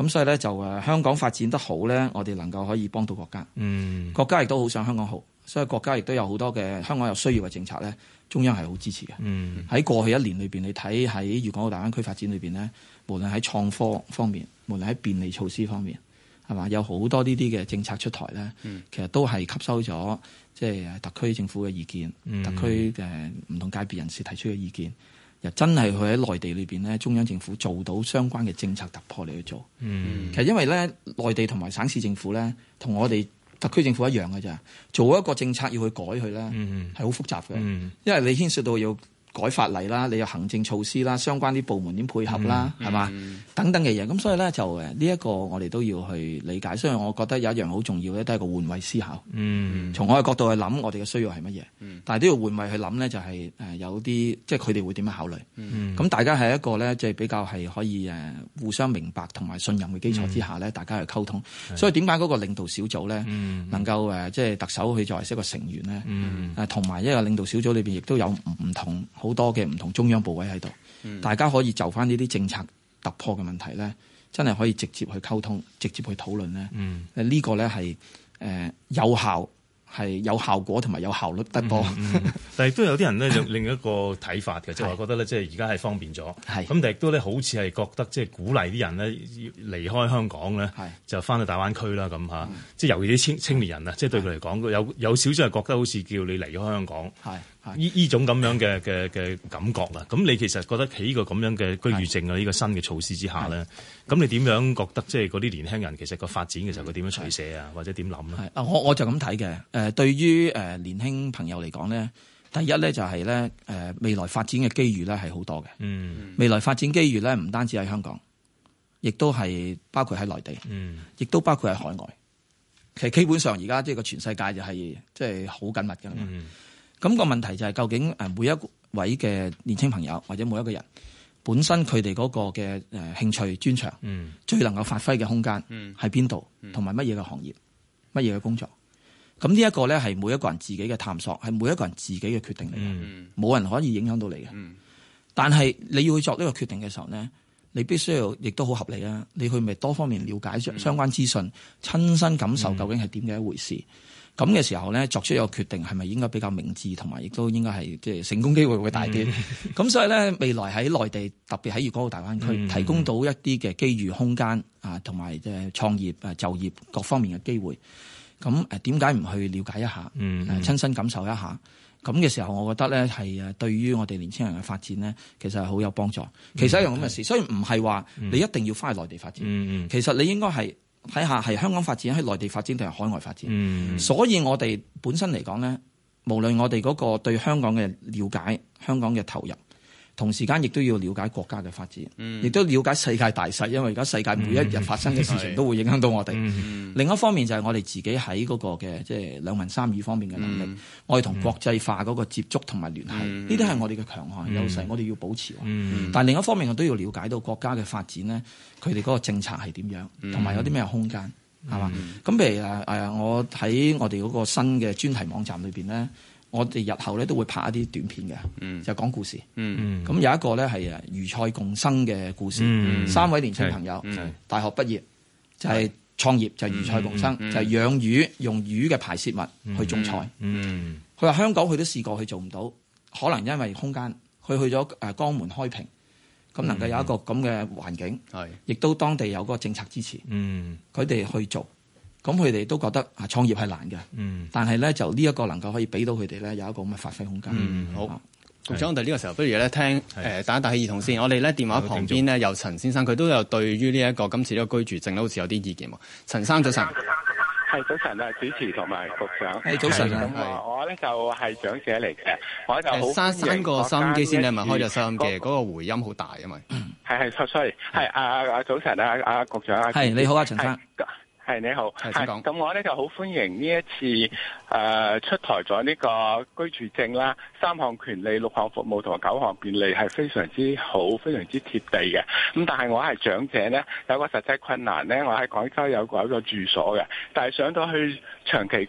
嗯、所以呢，就香港發展得好呢，我哋能夠可以幫到國家。嗯、國家亦都好想香港好，所以國家亦都有好多嘅香港有需要嘅政策呢。中央係好支持嘅，喺、嗯、過去一年裏面，你睇喺粵港澳大灣區發展裏面，咧，無論喺創科方面，無論喺便利措施方面，係嘛有好多呢啲嘅政策出台咧，嗯、其實都係吸收咗即係特區政府嘅意見，嗯、特區嘅唔同界別人士提出嘅意見，又真係佢喺內地裏面咧，中央政府做到相關嘅政策突破嚟去做。嗯、其實因為咧，內地同埋省市政府咧，同我哋。特區政府一樣嘅，咋做一個政策要去改佢咧，係好複雜嘅，因為你牽涉到要，改法例啦，你有行政措施啦，相關啲部門點配合啦，係嘛，等等嘅嘢，咁所以咧就誒，呢一個我哋都要去理解，所以我覺得有一樣好重要咧，都係個換位思考。
嗯，
從我嘅角度去諗，我哋嘅需要係乜嘢？嗯，但係都要換位去諗咧，就係誒有啲即係佢哋會點樣考慮，嗯，咁大家係一個咧即係比較係可以誒互相明白同埋信任嘅基礎之下咧，大家去溝通。所以點解嗰個領導小組咧能夠誒即係特首佢作為一個成員咧？嗯，誒同埋一個領導小組裏邊亦都有唔同。好多嘅唔同的中央部委喺度，嗯、大家可以就翻呢啲政策突破嘅問題咧，真係可以直接去溝通，直接去討論咧。誒呢、嗯、個咧係誒有效，
係有效果同埋有效率得多。但係都有啲人咧，就另一個睇法嘅，即係話覺得咧，即係而家係方便咗。咁是但亦都咧，好似係覺得即係、就是、鼓勵啲人咧離開香港咧，是就翻去大灣區啦咁嚇。即係、嗯、尤其啲青青年人啊，即、就、係、是、對佢嚟講，有有少少係覺得好似叫你離開香港。依依是種咁樣嘅嘅嘅感覺啦咁是你其實覺得喺呢個咁樣嘅居住證啊，依個是新嘅措施之下咧，咁是你點樣覺得？即係嗰啲年輕人其實個發展嘅時候，佢點樣取捨啊？或者點諗咧？啊，我我就咁睇嘅。誒，
對於年輕朋友嚟講咧，第一咧就係咧未來發展嘅機遇咧係好多嘅。嗯，未來發展機遇咧唔單止喺香港，亦都係包括喺內地。
嗯，
亦都包括喺海外。其實基本上而家即係個全世界就係即係好緊密㗎嘛。嗯咁個問題就係究竟誒每一位嘅年輕朋友或者每一個人本身佢哋嗰個嘅誒興趣專長，嗯，最能夠發揮嘅空間，嗯，係邊度，同埋乜嘢嘅行業，乜嘢嘅工作？咁呢一個咧係每一個人自己嘅探索，係每一個人自己嘅決定嚟嘅，冇人可以影響到你嘅。但係你要去做呢個決定嘅時候咧，你必須要亦都好合理啦。你去咪多方面了解相相關資訊，親身感受究竟係點嘅一回事。咁嘅時候咧，作出一個決定係咪應該比較明智，同埋亦都應該係即係成功機會會大啲。咁、mm hmm. 所以咧，未來喺內地，特別喺粵港澳大灣區，mm hmm. 提供到一啲嘅機遇空間啊，同埋誒創業、就業各方面嘅機會。咁誒點解唔去了解一下？嗯、mm，親、hmm. 身感受一下。咁嘅時候，我覺得咧係誒對於我哋年輕人嘅發展咧，其實係好有幫助。其實一樣咁嘅事，mm hmm. 雖然唔係話你一定要翻去內地發展，嗯嗯、mm，hmm. 其實你應該係。睇下係香港發展、喺內地發展定係海外發展。嗯、所以我哋本身嚟講咧，無論我哋個對香港嘅了解、香港嘅投入。同時間亦都要了解國家嘅發展，亦、嗯、都了解世界大勢，因為而家世界每一日發生嘅事情都會影響到我哋。嗯嗯嗯、另一方面就係我哋自己喺嗰、嗰個嘅即係兩文三語方面嘅能力，嗯、我哋同國際化嗰個接觸同埋聯繫，呢啲係我哋嘅強項優勢，嗯、我哋要保持。嗯嗯、但另一方面我都要了解到國家嘅發展呢，佢哋嗰個政策係點樣，同埋有啲咩空間係嘛？咁譬、嗯嗯、如誒誒，我喺我哋嗰個新嘅專題網站裏邊呢。我哋日後咧都會拍一啲短片嘅，嗯、就講故事。咁、嗯嗯、有一個咧係魚菜共生嘅故事，嗯嗯、三位年輕朋友、嗯、大學畢業、嗯、就係創業，就係、魚菜共生，嗯嗯、就養魚用魚嘅排泄物去種菜。佢話、嗯嗯、香港佢都試過去做唔到，可能因為空間，佢去咗誒江門開平，咁能夠有一個咁嘅環境，亦、嗯嗯、都當地有個政策支持，佢哋、嗯、去做。咁佢哋都覺得啊創業係難嘅，但係咧
就呢一個能夠可以俾到佢哋咧有一個咁嘅發揮空間。嗯，好，局長，但係呢個時候不如咧聽誒大家戴起耳筒先。我哋咧電話旁邊咧由陳先生，佢都有對於呢一個今次呢個居住證咧好似有啲意見。陳生早晨。
係早晨啊，主持同埋局長。早晨，我咧就係長者嚟嘅，我就好。刪個心，幾先你係咪開咗收
音機？嗰個回音好大啊嘛。係
係，sorry，係啊啊早晨啊啊局長啊。係你好啊，陳生。係你好，係，咁我咧就好歡迎呢一次誒、呃、出台咗呢個居住證啦，三項權利、六項服務同埋九項便利係非常之好、非常之貼地嘅。咁但係我係長者咧，有個實際困難咧，我喺廣州有個一個住所嘅，但係上到去長期居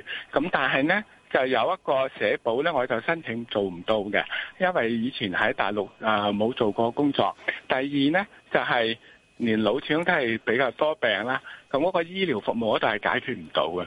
住咁，但係呢，就有一個社保咧，我就申請做唔到嘅，因為以前喺大陸誒冇、呃、做過工作。第二呢，就係、是、年老始終都係比較多病啦。咁嗰個醫療服務都係解決唔到嘅，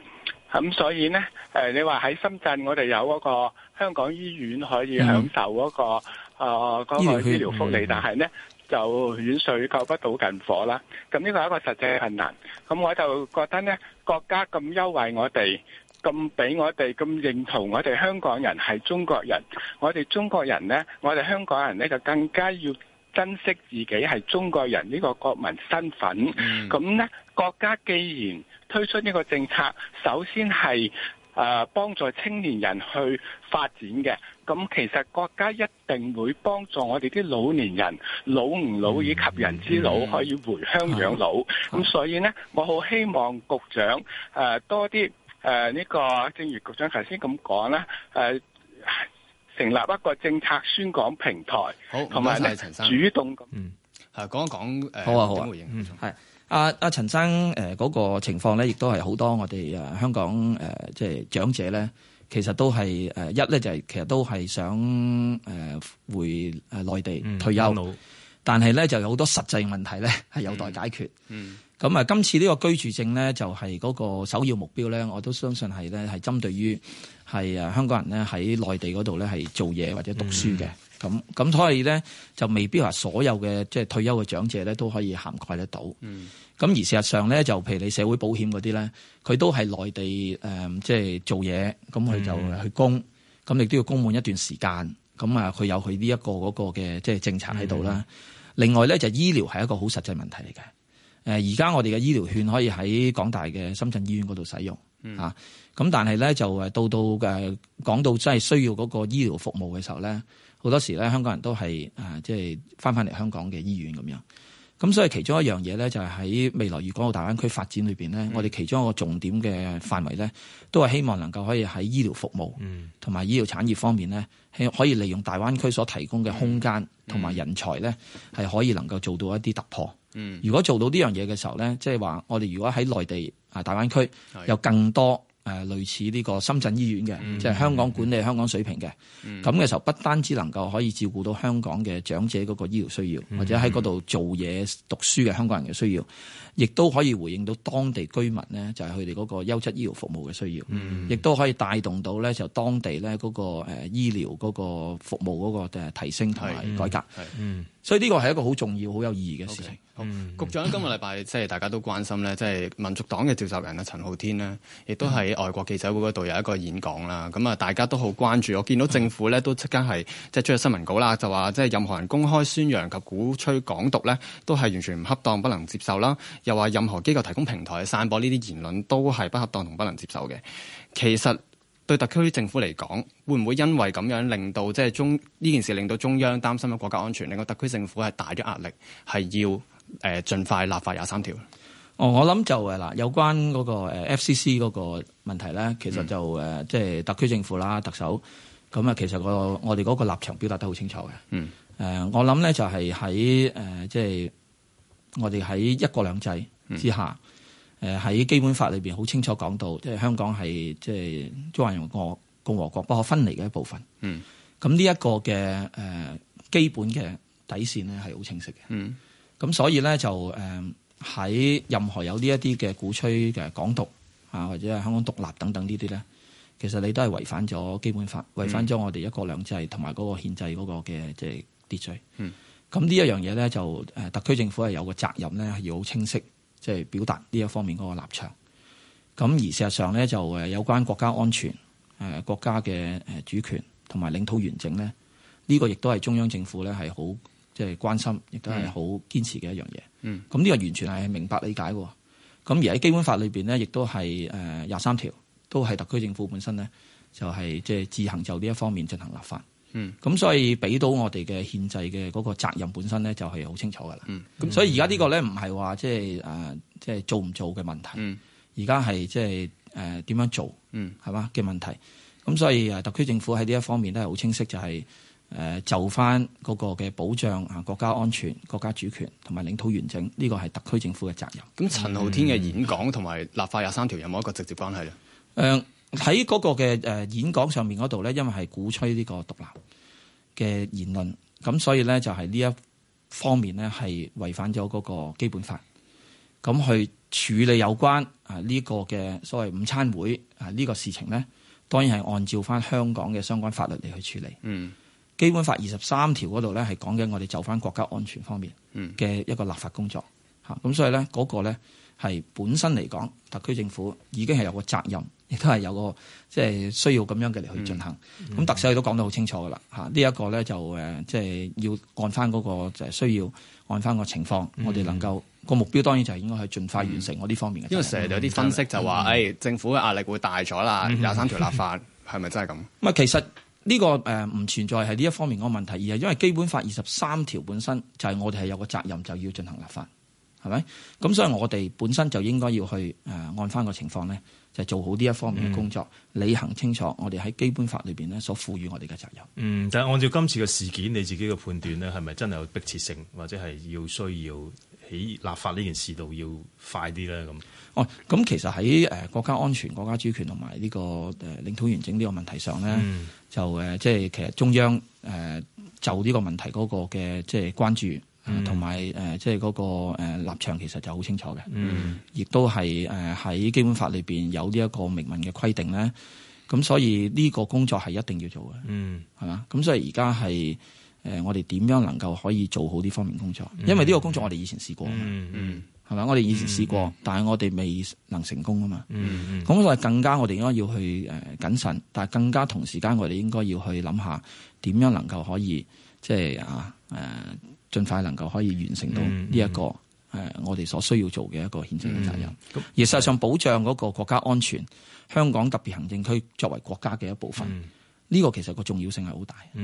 咁所以呢，呃、你話喺深圳我哋有嗰個香港醫院可以享受嗰、嗰個誒嗰、嗯呃嗰個醫療福利，嗯、但係呢，就遠水救不到近火啦。咁呢個係一個實際困難。咁我就覺得呢國家咁優惠我哋，咁俾我哋，咁認同我哋香港人係中國人，我哋中國人呢，我哋香港人呢，就更加要。珍惜自己係中國人呢個國民身份，咁、嗯、國家既然推出呢個政策，首先係誒、呃、幫助青年人去發展嘅，咁其實國家一定會幫助我哋啲老年人，老唔老以及人之老，嗯、可以回鄉養老。咁、啊、所以呢，我好希望局長誒、呃、多啲誒呢個，正如局長頭先咁講啦，誒、呃。成立一個政策宣講平台，好，同埋係陳生主動
咁。嗯，係講一講、呃、好啊，好啊回應。係阿
阿陳生誒嗰、呃那個情況咧，亦都係好多我哋誒香港誒即係長者咧，其實都係誒一咧就係、是、其實都係想誒、呃、回誒內地、嗯、退休，嗯、但係咧就有好多實際問題咧係有待解決。嗯，咁、嗯、啊，今次呢個居住證咧就係、是、嗰個首要目標咧，我都相信係咧係針對於。係啊，香港人咧喺內地嗰度咧係做嘢或者讀書嘅，咁咁、嗯、所以咧就未必話所有嘅即係退休嘅長者咧都可以涵蓋得到。咁、嗯、而事實上咧就譬如你社會保險嗰啲咧，佢都係內地、嗯、即係做嘢，咁佢就去供，咁你都要供滿一段時間，咁啊佢有佢、嗯、呢、就是、一個嗰個嘅即係政策喺度啦。另外咧就醫療係一個好實際問題嚟嘅。誒而家我哋嘅醫療券可以喺港大嘅深圳醫院嗰度使用、嗯啊咁但係咧就到到誒、啊、講到真係需要嗰個醫療服務嘅時候咧，好多時咧香港人都係即係翻翻嚟香港嘅醫院咁樣。咁所以其中一樣嘢咧就係、是、喺未來粵港澳大灣區發展裏面咧，嗯、我哋其中一個重點嘅範圍咧，都係希望能夠可以喺醫療服務同埋醫療產業方面咧，可以利用大灣區所提供嘅空間同埋人才咧，係可以能夠做到一啲突破。嗯，如果做到呢樣嘢嘅時候咧，即係話我哋如果喺內地啊大灣區有更多。誒類似呢個深圳醫院嘅，即係香港管理香港水平嘅，
咁嘅、嗯嗯、時候
不單止能夠可以照顧到香港嘅長者嗰個醫療需要，嗯嗯、或者喺嗰度做嘢讀書嘅香港人嘅需要，亦都可以回應到當地居民呢，就係佢哋嗰個優質醫療服務嘅需要，亦都、嗯、可以帶動到呢，就當地呢嗰個醫療嗰個服務嗰個提升同埋改革。嗯嗯
嗯。
所以呢個係一個好重要、好有意義嘅事情。嗯、
okay，局長今個禮拜即係大家都關心咧，即係民族黨嘅召集人啊，陳浩天呢亦都喺外國記者會嗰度有一個演講啦。咁啊，大家都好關注。我見到政府咧都即刻係即係出咗新聞稿啦，就話即係任何人公開宣揚及鼓吹港獨咧，都係完全唔恰當、不能接受啦。又話任何機構提供平台散播呢啲言論，都係不恰當同不能接受嘅。其實。對特區政府嚟講，會唔會因為咁樣令到即係中呢件事令到中央擔心嘅國家安全，令個特區政府係大咗壓力，係要誒、呃、盡快立法廿三條？哦，我諗就誒嗱，有關嗰個 FCC 嗰個問題咧，其實就誒、嗯、
即係特區政府啦、特首咁啊，其實、嗰個我哋嗰個立場表達得好清楚嘅。嗯。誒、呃，我諗咧就係喺誒即係我哋喺一國兩制之下。嗯誒喺基本法裏邊好清楚講到，即係香港係即係中華人民共和國不可分離嘅一部分。嗯，咁呢一個嘅誒、呃、基本嘅底線咧係好清晰嘅。嗯，咁所以咧就誒喺、呃、任何有呢一啲嘅鼓吹嘅港獨啊或者係香港獨立等等呢啲咧，其實你都係違反咗基本法，違反咗我哋一國兩制同埋嗰個憲制嗰個嘅即係秩序。嗯，咁呢一樣嘢咧就誒、呃、特區政府係有個責任咧係要好清晰。即係表達呢一方面嗰個立場，咁而事實上咧就有關國家安全誒國家嘅主權同埋領土完整咧，呢、呢個亦都係中央政府咧係好即係關心，亦都係好堅持嘅一樣嘢。嗯，咁呢個完全係明白理解喎。咁、嗯、而喺基本法裏面咧，亦都係誒廿三條都係特區政府本身咧，就係即係自行就呢一方面進行立法。嗯，咁所以俾到我哋嘅憲制嘅嗰個責任本身咧，就係好清楚噶啦、嗯。嗯，咁所以而家呢個咧、就係，唔係話即係誒，即、就、係、係、做唔做嘅問題。嗯，而家係即係誒點樣做？嗯，係嘛嘅問題。咁、嗯、所以誒，特區政府喺呢一方面都係好清晰、就係呃，就係誒就翻嗰個嘅保障啊，國家安全、國家主權同埋領土完整呢個係特區政府嘅責任。
咁、嗯、陳浩天嘅
演講同埋立法廿三條有冇一個直接關係咧？誒、嗯。喺嗰個嘅誒演講上面嗰度咧，因為係鼓吹呢個獨立嘅言論，咁所以咧就係呢一方面咧係違反咗嗰個基本法。咁去處理有關啊呢個嘅所謂午餐會啊呢個事情咧，當然係按照翻香港嘅相關法律嚟去處理。
嗯，
基本法二十三條嗰度咧係講緊，我哋就翻國家安全方面嘅一個立法工作吓。咁所以咧嗰個咧係本身嚟講，特區政府已經係有個責任。亦都係有個即係、就是、需要咁樣嘅嚟去進行，咁、嗯嗯、特首亦都講得好清楚㗎啦嚇。呢、這、一個咧就誒，即、就、係、是、要按翻嗰個就係需要按翻個情況，我哋能夠個、嗯、目標當然就係應該去盡快完成我呢方面嘅。因為成日有啲分析就話，誒、嗯哎、
政府嘅壓力會大咗啦，廿三條立法
係咪、嗯、真係咁？唔係，其實呢個誒唔存在係呢一方面個問題，而係因為基本法二十三條本身就係我哋係有個責任就要進行立法。係咪？咁所以我哋本身就應該要去誒、呃、按翻個情況咧，就做好呢一方面嘅工作，嗯、履行清楚我哋喺基本法裏邊咧所賦予我哋嘅責任。
嗯，但係按照今次嘅事件，你自己嘅判斷咧，係咪真係有迫切性，或者係要需要喺立法呢件事度要快啲咧？咁哦、
嗯，咁其實喺誒國家安全、國家主權同埋呢個誒領土完整呢個問題上咧，嗯、就誒即係其實中央誒、呃、就呢個問題嗰個嘅即係關注。同埋誒，即係嗰個、呃、立場其實就好清楚嘅，
嗯，
亦都係誒喺基本法裏面有呢一個明文嘅規定咧，咁所以呢個工作係一定要做嘅，
嗯，
係嘛？咁所以而家係誒，我哋點樣能夠可以做好呢方面工作？嗯、因為呢個工作我哋以前試過，嗯
嗯，
係咪、嗯、我哋以前試過，嗯、但係我哋未能成功啊嘛，嗯咁我、嗯、更加我哋應該要去誒謹慎，但係更加同時間我哋應該要去諗下點樣能夠可以即係啊盡快能夠可以完成到呢一個我哋所需要做嘅一個憲政嘅責任、嗯。嗯、而實際上保障嗰個國家安全，嗯、香港特別行政區作為國家嘅一部分，呢、嗯、個其實個重要性係好大嘅，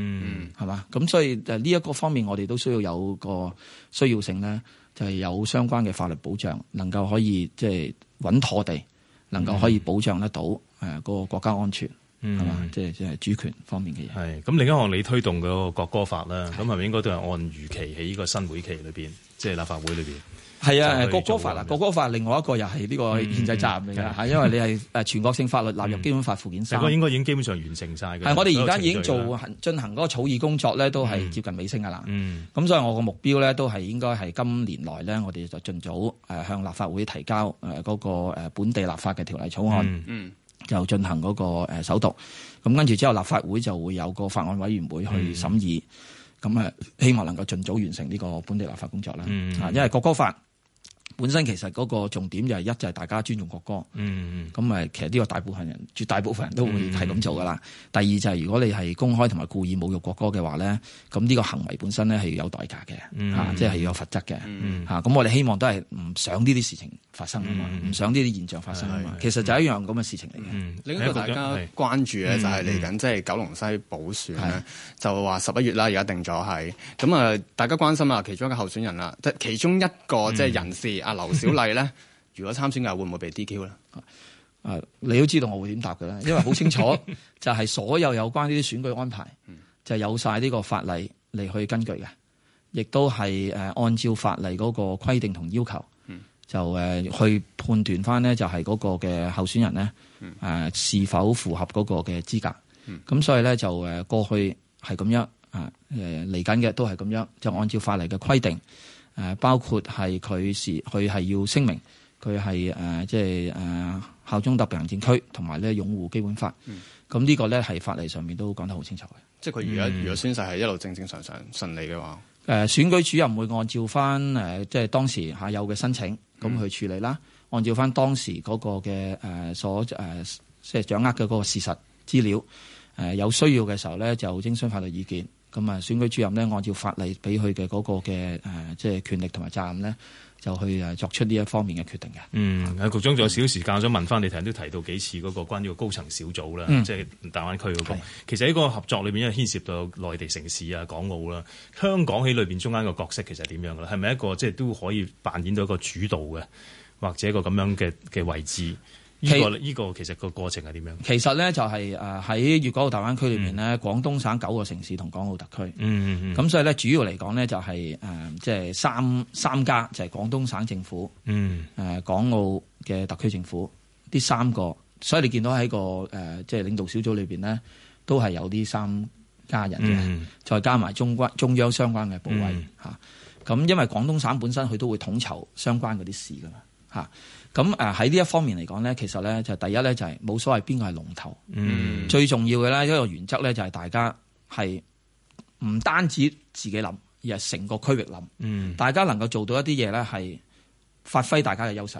係嘛、嗯？咁所以誒呢一個方面，我哋都需要有個需要性咧，就係、是、有相關嘅法律保障，能夠可以即係穩妥地，
能夠可以
保障得到誒個國家安全。係嘛，即係即係主權方面嘅嘢。係，
咁另一項你推動嘅個國歌法啦，咁係咪應該都係按預期喺呢個新會期裏面？即、就、係、是、立法會裏面？係啊，國
歌法啦國歌法另外一個又係呢個憲制責任、嗯、是啊，因為你係全國性法律納入基本法附件三、嗯。應
該已經基本上完成晒嘅。係、啊，我哋而家已經做進
進行嗰個草擬工作咧，都係接近尾聲噶啦。嗯。咁所以，我個目標咧，都係應該係今年內咧，我哋就儘早向立法會提交誒嗰個本地立法嘅條例草案。嗯。嗯就進行嗰個誒首讀，咁跟住之後立法會就會有個法案委員會去審議，咁、嗯、希望能夠盡早完成呢個本地立法工作啦，啊，嗯、因為國歌法。本身其實嗰個重點就係一就係大家尊重國歌，咁咪其實呢個大部分人絕大部分人都會係咁做噶啦。第二就係如果你係公開同埋故意侮辱國歌嘅話咧，咁呢個行為本身咧係有代價嘅，即係有罰則
嘅，
咁我哋希望都係唔想呢啲事情
發生啊嘛，唔想呢啲現象發生啊嘛。其實就係一樣咁嘅事情嚟嘅。另一個大家關注咧就係嚟緊即係九龍西補選就話十一月啦，而家定咗係咁啊！大家關心啊，其中一個候選人啦，即係其中一個即係人士。阿劉小麗咧， [LAUGHS] 如果參選嘅會唔會被 DQ 咧？啊，你都知道我會點答嘅啦，因為好清楚
就係所有有關呢啲選舉安排， [LAUGHS] 就係有晒呢個法例嚟去根據嘅，亦都係誒按照法例嗰個規定同要求， [LAUGHS] 就誒去判斷翻咧，就係嗰個嘅候選人咧誒是否符合嗰個嘅資格，咁 [LAUGHS] [LAUGHS] 所以咧就誒過去係咁樣啊，誒嚟緊嘅都係咁樣，就按照法例嘅規定。 [LAUGHS] 誒、呃、包括係佢是佢係要聲明，佢係誒即係誒效忠特別行政區，同埋咧擁護基本法。咁呢、嗯、個咧係法例上面都講得好清楚嘅。
即係佢如果、嗯、如果宣誓係一路正正常常順利嘅話，
誒、呃、選舉主任會按照翻誒、呃、即係當時下有嘅申請，咁去處理啦。嗯、按照翻當時嗰個嘅誒、呃、所誒即係掌握嘅嗰個事實資料，誒、呃、有需要嘅時候咧就徵詢法律意見。咁啊，選舉主任咧，按照法例俾佢嘅嗰個嘅誒，即係權力同埋責任咧，就去誒作出呢一方面嘅決
定嘅。嗯，啊局長仲有少時間，我想問翻你，頭先都提到幾次嗰個關於個高層小組啦，即係、嗯、大灣區嗰個。是其實喺個合作裏邊，因為牽涉到內地城市啊、港澳啦，香港喺裏邊中間個角色其實係點樣嘅咧？係咪一個即係都可以扮演到一個主導嘅，或者一個咁樣嘅嘅位置？呢、這個呢、這個其實個過程係點樣？其實咧就係
誒喺粵港澳大灣區裏面咧，廣、嗯、東省九個城市同港澳特區、嗯。嗯嗯嗯。咁所以咧，主要嚟講咧，就係誒即係三三家，就係、是、廣東省政府。嗯。誒、呃，港澳嘅特區政府，呢三個，所以你見到喺個誒即係領導小組裏邊咧，都係有啲三家人嘅，嗯、再加埋中關中央相關嘅部委嚇。咁、嗯啊、因為廣東省本身佢都會統籌相關嗰啲事噶嘛嚇。啊咁喺呢一方面嚟講咧，其實咧就第一咧就係冇所謂邊個係龍頭，嗯、最重要嘅咧一個原則咧就係大家係唔單止自己諗，而係成個區域諗，嗯、大家能夠做到一啲嘢咧係發揮大家嘅優勢，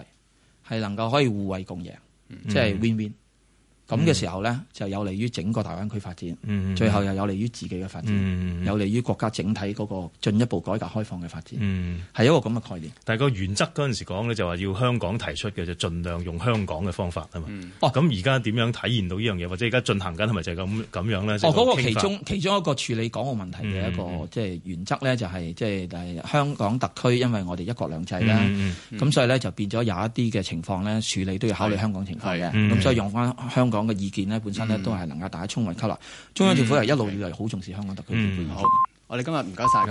係能夠可以互惠共贏，即係 win win。Win 咁嘅時候咧，就有利於整個大灣區發展，最後又有利於自己嘅發展，有利於國家整體嗰個進一步改革開放嘅發展，
係一個咁嘅概念。但係個原則嗰陣時講咧，就話要香港提出嘅，就盡量用香港嘅方法啊嘛。哦，咁而家點樣體現到呢樣嘢？或者而家進行緊係咪就係咁咁樣咧？哦，嗰個其中
其中一個處理港澳問題嘅一個即係原則咧，就係即係香港特區，因為我哋一國兩制啦，咁所以咧就變咗有一啲嘅情況咧，處理都要考慮香港情況嘅，咁所以用翻香港。講嘅意見咧，本身咧都係能夠大家充分吸納。中央政府係一路以嚟好重視香港特區
嘅管治。嗯、好，
我哋今日唔該曬。